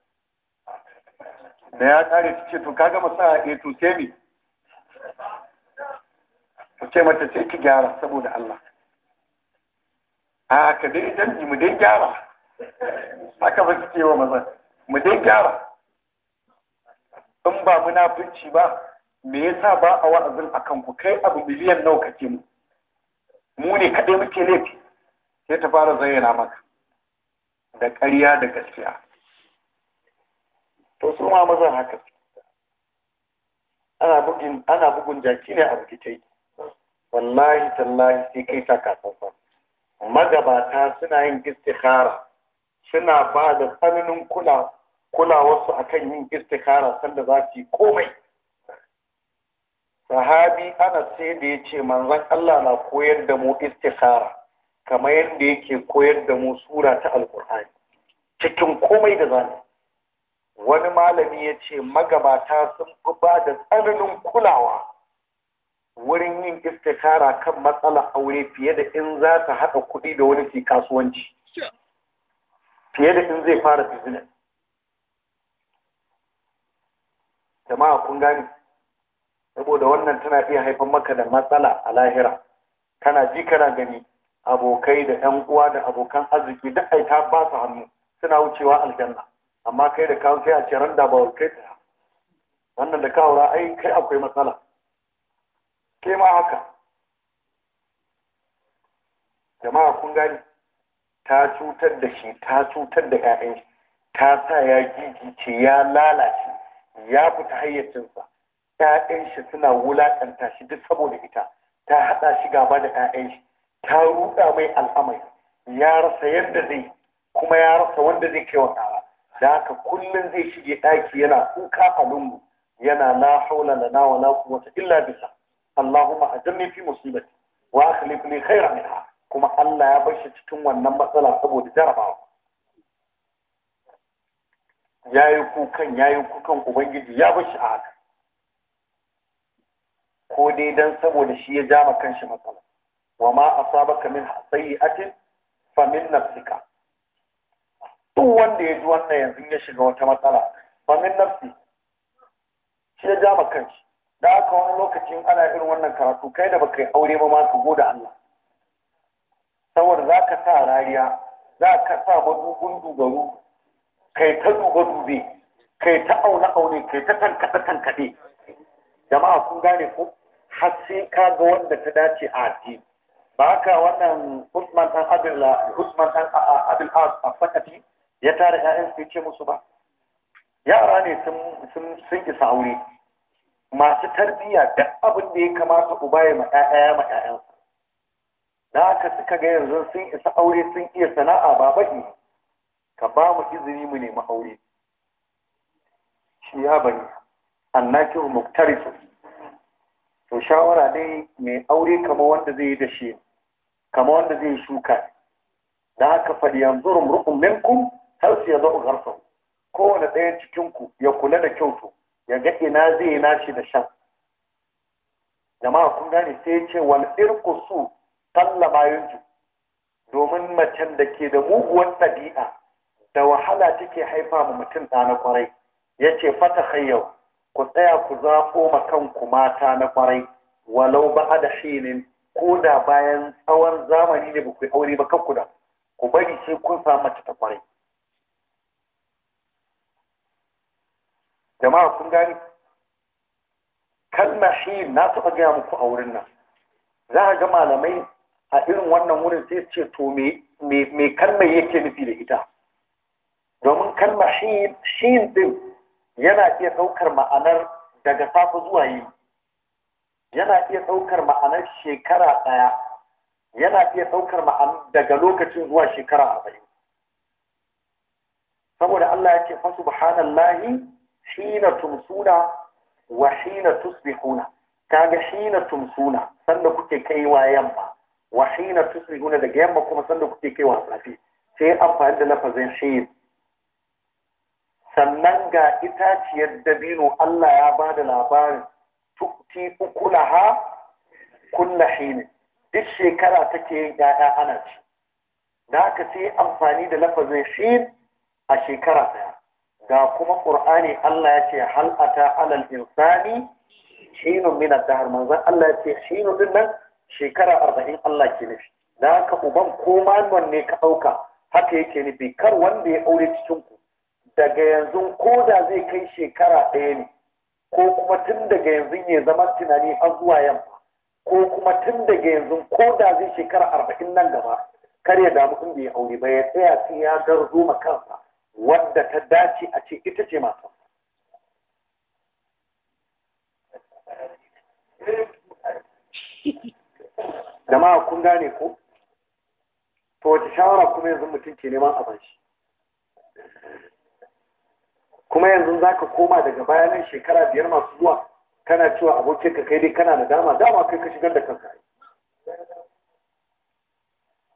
[SPEAKER 1] da ya kare ta ce to ka gama sa a eh, to sai ne ce mata sai ki gyara saboda Allah a ka dai dangi mu dai gyara haka ba su wa maza mu dai gyara in ba munafunci ba me yasa ba a wa'azin akan ku kai abu miliyan nawa kake mu mu ne kaɗai muke laifi sai ta fara zayyana maka da ƙarya da gaskiya to su ma mazan haka ana bugun ana bugun jaki ne a rikitai wallahi tallahi sai kai ta kasansa magabata suna yin istikhara suna ba da tsananin kula kulawarsu akan yin istikhara sanda za su yi komai sahabi ana sai da ya ce manzon Allah na koyar da mu istikhara kamar yadda yake koyar da mu sura ta alkur'ani cikin komai da zani wani malami ya ce magabata sun fi ba da tsananin kulawa wurin yin istikara kan matsala aure fiye da in za ta haɗa kuɗi da wani su kasuwanci fiye da in zai fara business jama'a kun gani saboda wannan tana iya haifar maka da matsala a lahira kana ji kana gani abokai da yan uwa da abokan arziki duk ai ta ba su hannu suna wucewa aljanna amma kai da kawo sai a ce ran da ba kai wannan da kawo ai kai akwai matsala ke ma haka jama'a kun gani ta cutar da shi ta cutar da 'ya'yan shi ta sa ya gigice ya lalace ya fita hayyacinsa 'ya'yan shi suna wulaƙanta shi duk saboda ita ta haɗa shi gaba da 'ya'yan shi ta ruɗa mai al'amari ya rasa yadda zai kuma ya rasa wanda zai kai wa da haka kullum zai shige ɗaki yana kuka a lungu yana na haula lana wala quwwata illa bisa Allahumma ajirni fi musibati wa akhlif li khayran minha kuma Allah ya bar shi cikin wannan matsala saboda jarabawa ya yi kukan ya yi kukan ubangiji ya bar shi a haka ko dai don saboda shi ya jama kan shi matsala wa ma a asabaka min sayyi'atin fa min nafsika Tun wanda ya ji wannan yanzu ya shiga wata matsala famin min nafsi shi ya jama kan shi. da aka wani lokacin ana irin wannan karatu kai da baka yi aure ba ma ka goda Allah saboda za ka sa rariya za ka sa madubin dubaru kai ta duba dube kai ta auna aune kai ta tankaɗe tankaɗe jama'a kun gane ko har sai ka ga wanda ta dace a ti ba haka wannan Usman dan Abdul Usman dan Abdul Az fakati ya tare ƴaƴan su ce musu ba yara ne sun sun isa aure masu tarbiyya da abin da ya kamata uba ya ma ƴaƴa ma ƴaƴansa da aka suka ga yanzu sun isa aure sun iya sana'a ba baki ka ba mu izini mu nemi aure shi ya bari annakiru muktarisu to shawara dai mai aure kama wanda zai yi da shi kama wanda zai shuka da aka faɗi yanzu rumrukun minkum har su ya zo garsa kowane ɗayan cikinku ya kula da kyautu yaga ina zai nashi da shan jama'a kun gane sai ya ce wal irkusu bayan yanzu domin macen da ke da muguwar ɗabi'a da wahala take haifa ma mutum ɗa na kwarai ya ce fata hayyau ku tsaya ku zafo ma kanku mata na kwarai walau ba a da shinin ko da bayan tsawon zamani ne ba ku aure ba kanku ku bari sai kun samu mace ta kwarai jama'a kun gani kalma shi na taɓa gaya muku a wurin nan za a ga malamai a irin wannan wurin sai ce to me kalma yake nufi da ita domin kalma shi din yana iya ɗaukar ma'anar daga safe zuwa yi yana iya ɗaukar ma'anar shekara ɗaya yana iya ɗaukar ma'anar daga lokacin zuwa shekara arba'in saboda Allah ya ce fa subhanallahi hina tumsuna wa hina tusbihuna kaga hina tumsuna sanda kuke kaiwa yamma wa hina tusbihuna daga yamma kuma sanda kuke kaiwa safi sai amfani da lafazin shin sannan ga itaciyar dabino Allah ya ba da labarin tukti ukulaha kulla hini duk shekara take yin ‘ya'ya ana ci da haka sai amfani da lafazin shin a shekara daya ga kuma qur'ani Allah ya ce hal ata alal insani shinun min ad-dahr manzon Allah ya ce shinun din nan shekara arba'in Allah ke nufi da haka uban ko manuwan ne ka ɗauka? haka yake nufi kar wanda ya aure cikin ku daga yanzu ko da zai kai shekara ɗaya ne ko kuma tun daga yanzu ya zama tunani har zuwa yamma ko kuma tun daga yanzu ko da zai shekara arba'in nan gaba kar ya damu in bai aure ba ya tsaya sai ya garzo ma kansa wadda ta dace a ce ita ce masu ma kun gane ko to wace shawara kuma yanzu mutum ke neman a shi kuma yanzu za ka koma daga bayanan shekara biyar masu zuwa kana cewa abokin ka kai dai kana da dama dama kai ka shigar da kanka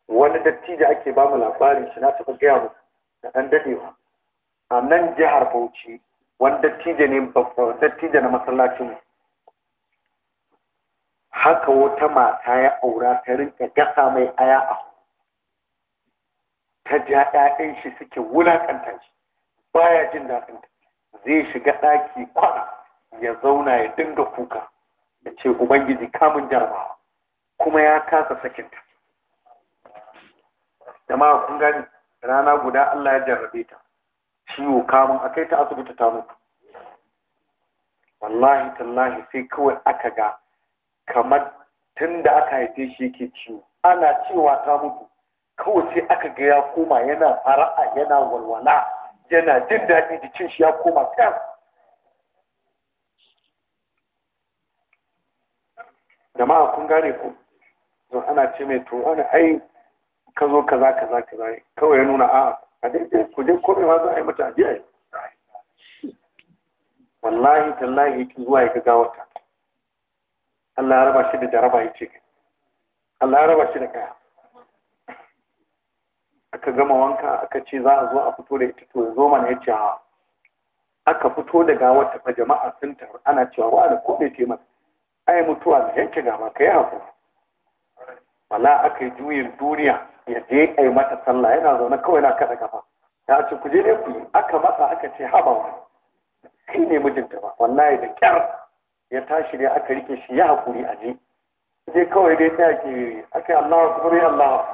[SPEAKER 1] wani dattijo ake ba mu labarin shi na taɓa gaya muku da ɗan daɗewa a nan jihar Bauchi wani dattijo ne dattijo na masallacin haka wata mata ya aura ta rinka gasa mai aya a ta ja 'ya'yan shi suke wulaƙanta shi baya jin daɗin zai shiga ɗaki kwana ya zauna ya dinga kuka da ce ubangiji kamun jarabawa kuma ya kasa sakinta jama'a kun gani rana guda Allah ya jarrabe ta ciwo kamun a kai ta asibiti ta mutu wallahi tallahi sai kawai aka ga kamar tun da aka haife shi yake ciwo ana cewa ta mutu kawai sai aka ga ya koma yana fara'a yana walwala yana jin daɗi da cin shi ya koma kan jama'a kun gane ku don ana ce mai to ana ai ka zo kaza kaza kaza kawai ya nuna a'a a daidai ku je komai ma za a yi mata ajiya wallahi tallahi yake zuwa ya ga wata Allah ya raba shi da jaraba ya ce Allah ya raba shi da kaya aka gama wanka aka ce za a zo a fito da ita to ya zo mana ya ce ha aka fito da gawar ta jama'a sun taru ana cewa wa da kome ce mata ai mutuwa da yanke gaba ka yi hakuri wala aka yi juyin duniya ya je yi mata sallah yana zaune kawai na kada kafa ya ce ku je ne ku yi aka matsa aka ce haba wani kai ne mijinta ba Wannan ya da kyar ya tashi ne aka rike shi ya hakuri a je je kawai dai ta ke aka yi Allah akbar ya Allah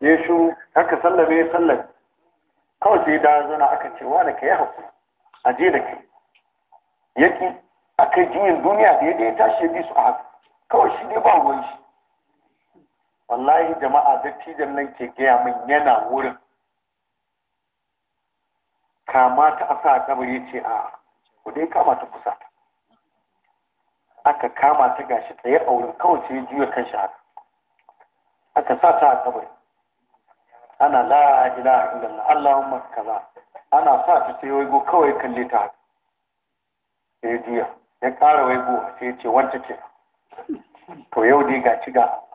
[SPEAKER 1] ya shu aka sallame ya sallar. kawai sai da zana aka ce wa ka yi hakuri a je da kai yaki aka jiyin duniya da ya tashi ya bi su a haka kawai shi ne ba wani shi wallahi jama'a dattijan nan ke gaya min yana wurin Kamata a sa kabari ce a ku dai kama ta kusa aka kama ta gashi tsaye a wurin kawai sai juya kan shi haka aka sa ta a kabari ana la ila illallah allahumma kaza ana sa ta sai go kawai kalle ta haka sai juya ya ƙara go sai ya ce wancan ce to yau dai ga ci ga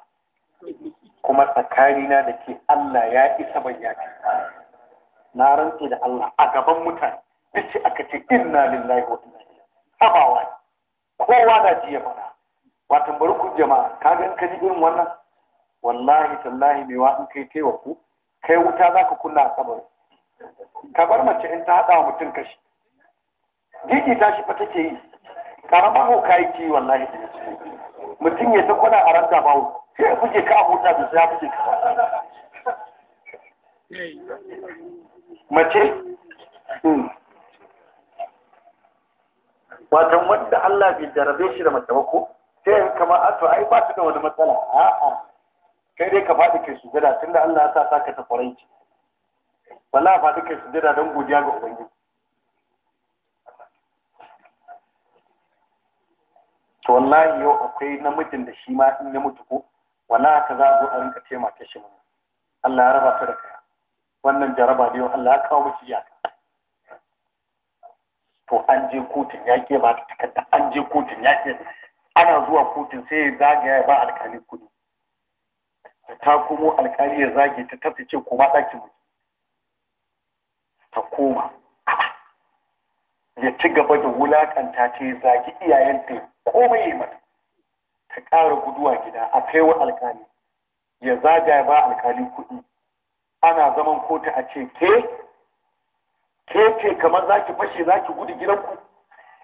[SPEAKER 1] kuma tsakanina da ke Allah ya isa ce na rantse da Allah a gaban mutane duk aka ce inna lillahi wa inna ilaihi abawa kowa na jiya mana watan bari ku jama'a ka ga in ka ji irin wannan wallahi tallahi mewa in kai taiwa ku kai wuta za ka kunna a sabar ka bar mace in ta haɗa wa mutum kashi gigi ta shi fa take yi karama ko kai ki wallahi da mutum ya ta kuna a ranta bawo sai ya fuke ka a huta da sai ya fuke ka mace hmm. watan wanda Allah bai jarabe shi da mace ba ko sai ya kama ato ai ba su da wani matsala a'a kai dai ka faɗi kai sujada tunda Allah ya sa ka ta kwarai wala faɗi kai sujada don godiya ga ubangiji to wallahi yau akwai namijin da shi ma in ya mutu ko wala ka za a zo a rinka ce shi mun Allah ya raba ta da kaya wannan jaraba ne yau Allah ya kawo miki iyaka to an je kotun ya ke ba ta takarda an je kotun ya ke ana zuwa kotun sai ya zagaya ya ba alkali kudi ta komo alkali ya zage ta tafi ce koma ɗakin mu ta koma ya ci gaba da wulakanta ta ya zagi iyayenta komai mata ta ƙara guduwa gida a kaiwa alkali ya zagaya ba alkali kuɗi ana zaman kota a ce ke ke ce kamar za ki fashe za ki gudu gidanku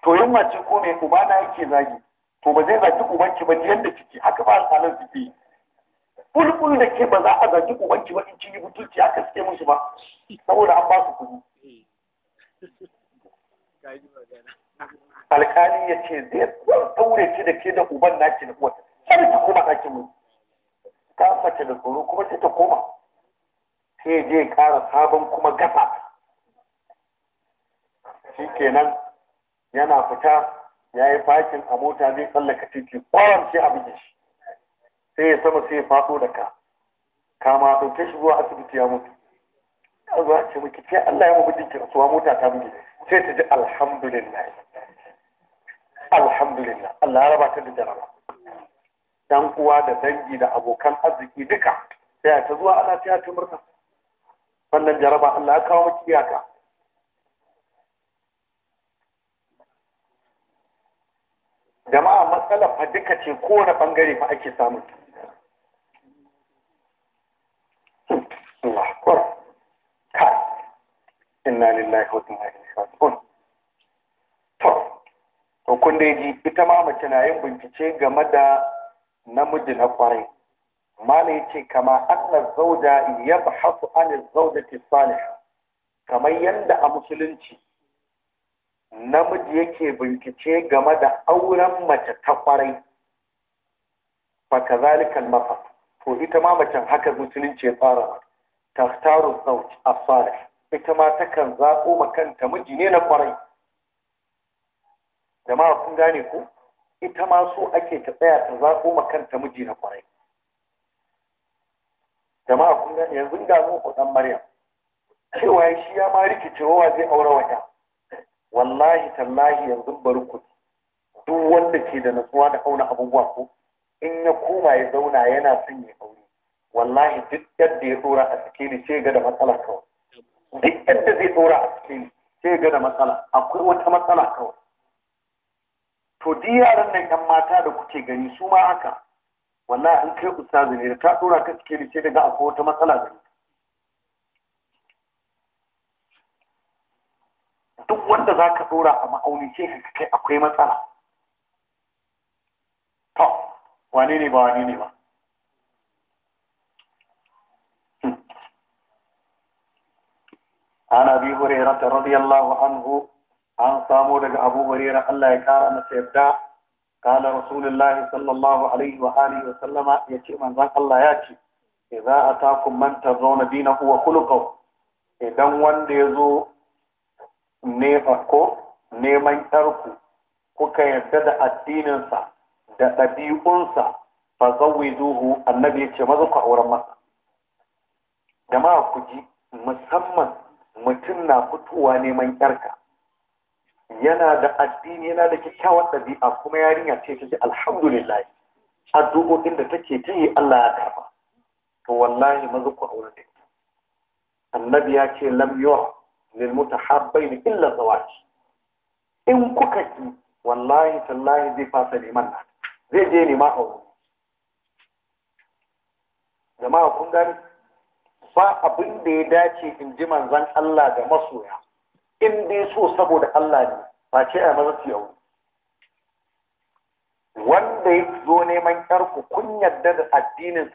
[SPEAKER 1] to yin ce ko mai na yake zagi to ba zai zagi ubanki ba yadda kike haka ba alƙalan su ke bulbul da ke ba za a zagi ubanki ba in kin yi butulci aka suke mushi ba saboda an ba su kuɗi eh. [laughs]
[SPEAKER 2] alƙali ya ce zai zan ɗaure ki da ke da uban naki da uwa
[SPEAKER 1] sai ta koma ɗakin mu ta fata da tsoro kuma sai ta koma sai ya je ƙara sabon kuma gafa shi kenan yana fita ya yi fakin a mota zai tsallaka titi kwaram sai bikin shi sai ya sama sai ya faɗo da ka kama ɗauke shi zuwa asibiti ya mutu a zuwa ce miki ce Allah ya mabu dinki rasuwa mota ta buge sai ta ji alhamdulillah alhamdulillah Allah ya raba ta da jaraba dan uwa da dangi da abokan arziki duka sai ta zuwa ana ta ta murna wannan jaraba Allah ya kawo miki iyaka jama'a matsala fa duka ce kowane bangare fa ake samun hmm. Allah kwar ka inna lillahi wa inna ilaihi raji'un hukun da ji ita ma mace na yin bincike game da namiji na kwarai mala ce kama anna zauda yabhasu an ta salihah kamar yadda a musulunci namiji yake bincike game da auren mace ta kwarai fa zalikan mafa to ita ma macen haka musulunci ya fara tahtaru zawj a salih ita ma takan zaɓo ma kanta miji ne na kwarai jama'a kun gane ko ita ma so ake ta tsaya ta zaɓo ma kanta miji na kwarai jama'a kun gane yanzu ga mu ku dan Maryam cewa shi ya ma wa zai aure wata wallahi tallahi yanzu bari ku duk wanda ke da nutsuwa da auna abubuwa ko in ya koma ya zauna yana son ya aure wallahi duk yadda ya tsora a cikin ni ce ga da matsala kawai duk yadda zai tsora a cikin ni ce ga da matsala akwai wata matsala kawai to di yaran nan yan mata da kuke gani su ma haka wallahi an kai ustazi ne da ka dora ka cikin sai daga akwai wata matsala da duk wanda za ka dora a ma'auni ce ka kai akwai matsala to wane ne ba wane ne ba عن ابي هريره رضي الله عنه an samo daga Abu Hurairah Allah ya kara masa yadda kana Rasulullah sallallahu alaihi wa alihi wa sallama yace manzan Allah ya ce idza atakum man tazawna dinahu wa khuluquhu idan wanda ya zo ne ko neman yarku kuka yarda da addininsa da ɗabi'unsa fa zawwiduhu annabi ya maza ku auren masa jama'a ku ji musamman mutum na fitowa neman yarka yana da addini yana da kyakkyawan ɗabi'a kuma yarinya ce ta ce alhamdulillah addu'o'in da take ta yi Allah ya karba to wallahi maza ku aure da ita annabi ya ce lam yu'a lil mutahabbain illa zawaj in kuka ki wallahi tallahi zai fasa neman na zai je nema aure jama'a kun gani ba abin da ya dace in ji manzon Allah da masoya in dai so saboda Allah ne ba ce a maza su yau wanda ya zo neman ƙarku kun yarda da sa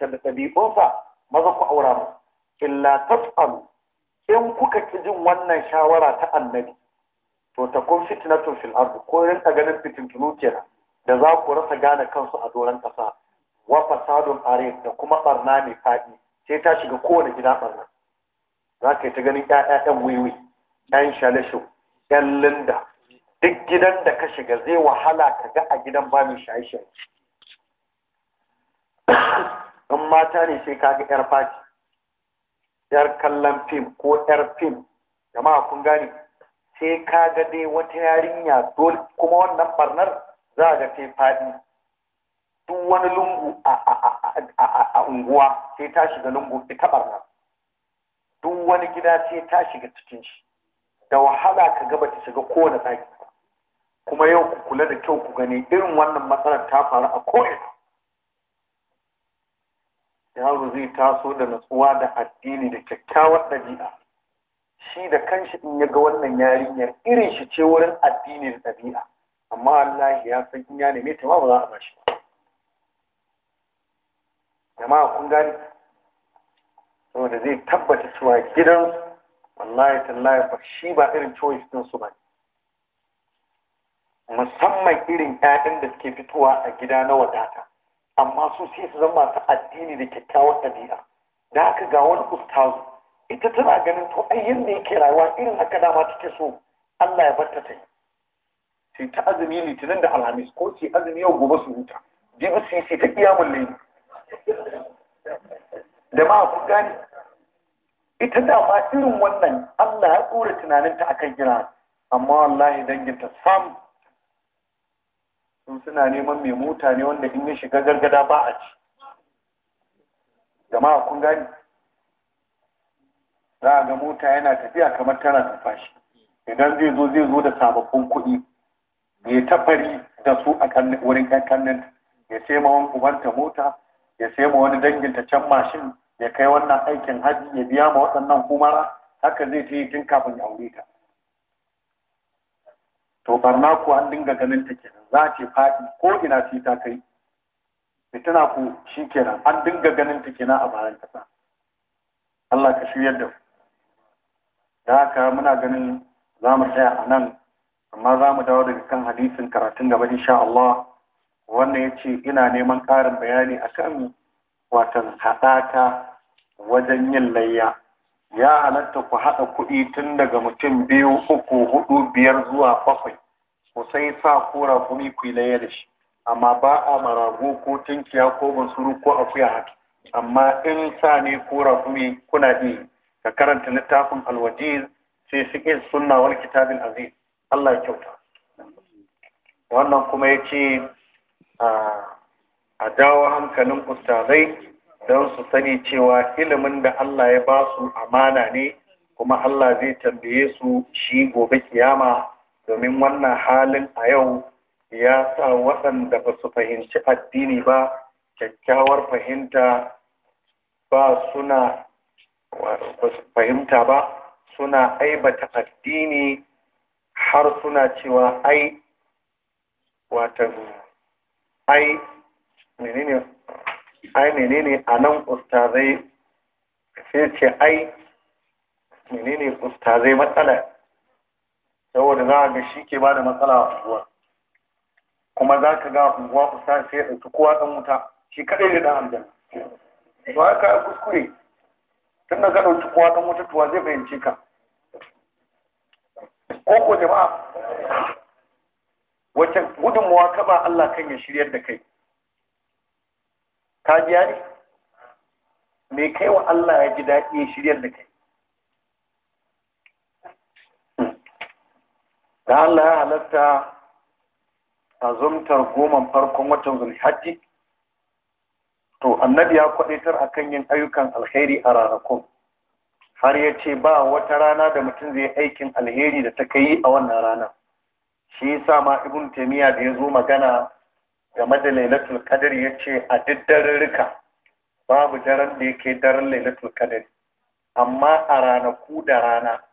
[SPEAKER 1] da ɗabi'unsa maza ku aura mu illa tas'alu in kuka ki jin wannan shawara ta annabi to ta kun fitnatun fil ardi ko rinka ganin fitintunu kenan da za ku rasa gane kansu a doron ƙasa wa fasadun are da kuma ɓarna mai faɗi sai ta shiga kowane gida barna za ka yi ta ganin ƴaƴan wiwi ɗan shalasho ɗan linda duk gidan da ka shiga zai wahala ka ga a gidan ba mai shaye-shaye in mata ne sai ka ga 'yar fati 'yar kallon fim ko 'yar fim jama'a kun gane sai ka ga dai wata yarinya dole kuma wannan barnar za ga sai faɗi duk wani lungu a unguwa sai ta shiga lungu ita barnar duk wani gida sai ta shiga cikin shi da wahala ka gaba ta shiga kowane ɗaki kuma yau ku kula da kyau ku gani irin wannan matsalar ta faru a ko'ina yaro zai taso da natsuwa da addini da kyakkyawar ɗabi'a shi da kanshi in ya ga wannan yarinyar irin shi ce wurin addini da ɗabi'a amma Allah ya san in ya neme ta ma ba za a bashi ba jama'a kun gani saboda zai tabbata cewa gidansu wallahi tallahi ba shi ba irin choice din su ba musamman irin ƴaƴan da suke fitowa a gida na wadata amma su sai su zama masu addini da kyakkyawan ɗabi'a da haka ga wani ustazu ita tana ganin to ai yanda yake rayuwa irin haka dama take so Allah ya barta ta yi sai ta azumi litinin da alhamis ko sai azumi yau gobe su huta jibi sai sai ta kiyamun laili da ma kun gani ita dama irin wannan Allah ya tsora tunaninta akan gina amma wallahi danginta sam sun suna neman mai mota ne wanda in ya shiga gargada ba a ci jama'a kun gani za a ga mota yana tafiya kamar tana tafashi idan zai zo zai zo da sababbin kuɗi ya tafari da su a wurin kannin ya sai ma wani kubanta mota ya sai ma wani danginta can mashin ya kai wannan aikin hajji ya biya ma waɗannan kumara haka zai ce tun kafin ya aure ta to barna ku an dinga ganin ta kenan za ce faɗi ko ina sai ta kai fitina ku shi kenan an dinga ganin ta kenan a bayan kasa Allah ka shiryar da ku da haka muna ganin za mu tsaya a nan amma za mu dawo daga kan hadisin karatun gaba insha Allah wannan ya ce ina neman ƙarin bayani a kan watan haɗaka wajen yin layya ya halatta ku haɗa kuɗi tun daga mutum biyu uku hudu biyar zuwa bakwai ku sai sa kora kumi ku layya da shi amma ba a marago ko tunkiya ko bansuru ko akuya haka amma in sa ne kora kumi kuna iya ka karanta littafin alwajiz sai fiqh sunna wani kitabin aziz Allah ya kyauta wannan kuma ya ce. Ah, a dawo hankalin ustazai don su sani cewa ilimin da Allah ya ba su amana ne kuma Allah zai tambaye su shi gobe kiyama domin wannan halin a yau ya sa waɗanda ba su fahimci addini ba kyakkyawar fahimta ba suna ba su fahimta ba suna aibata addini har suna cewa ai watan ai menene ai menene a nan ustazai sai ce ai menene ustazai matsala saboda za a ga shi ke ba da matsala a unguwa kuma za ka ga unguwa kusa sai ya ɗauki kowa ɗan wuta shi kaɗai ne ɗan aljanna to haka ya kuskure tun da ka ɗauki kowa ɗan wuta tuwa zai fahimci ka ko ko jama'a wacce gudunmawa ka ba Allah kan ya shiryar da kai ka ji ne me kai wa Allah ya ji daɗi ya shiryar da kai da Allah ya halatta azumtar goman farkon watan zulhajji to annabi ya kwadaitar kan yin ayyukan alheri a ranakun har ya ce ba wata rana da mutum zai aikin alheri da ta kai a wannan rana shi yasa ma ibn taymiya da ya zo magana game da lailatul ya ce a duk rika, babu daren da yake daren lailatul qadr amma a ranaku da rana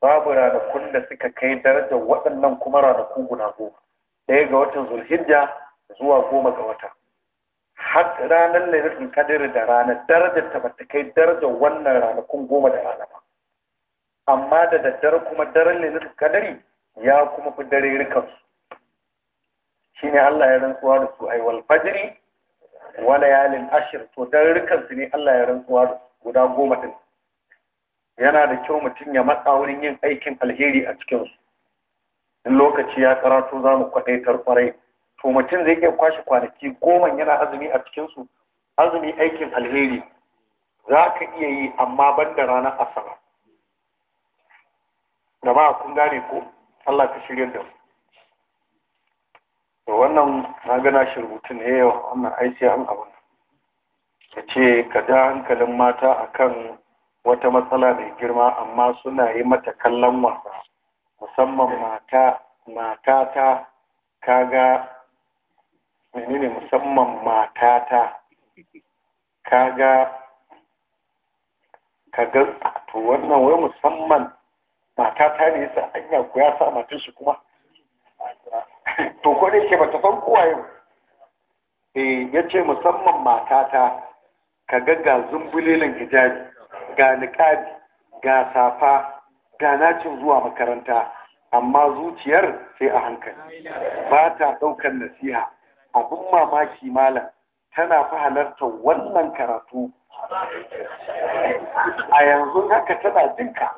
[SPEAKER 1] babu ranakun da suka kai daraja waɗannan kuma ranaku guda goma ɗaya ga watan zulhijja zuwa goma ga wata har ranar lailatul qadr da rana darajar ta bata kai darajar wannan ranakun goma da rana ba amma da daddare kuma daren lailatul qadr ya kuma fi dare rikansu shine Allah ya rantsuwa da su ai wal fajri wa layalin ashir to darrukan su ne Allah ya rantsuwa da su guda goma din yana da kyau mutum ya matsa wurin yin aikin alheri a cikin su in lokaci ya karatu za mu kwadaitar kwarai to mutum zai iya kwashe kwanaki goma yana azumi a cikin su azumi aikin alheri za ka iya yi amma ban da ranar asabar ba kun gane ko Allah ka shirya da mu to wannan na gana shi rubutu ne yau wannan ai sai an abu ka ce ka ja hankalin mata akan wata matsala mai girma amma suna yi mata kallon wasa musamman mata ta kaga menene musamman mata ta kaga kaga to wannan wai musamman ta ne yasa anya ku ya sa matar shi kuma to ko da yake ba ta san yau? eh ya ce musamman matata ka ga ga zumbulilin hijabi ga niƙabi ga safa ga nacin zuwa makaranta amma zuciyar sai a hankali ba ta ɗaukar nasiha abin mamaki malam tana fi halartar wannan karatu a yanzu haka tana jinka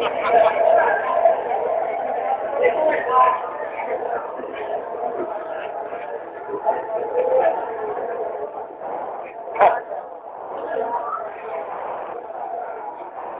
[SPEAKER 1] Thank [laughs] you.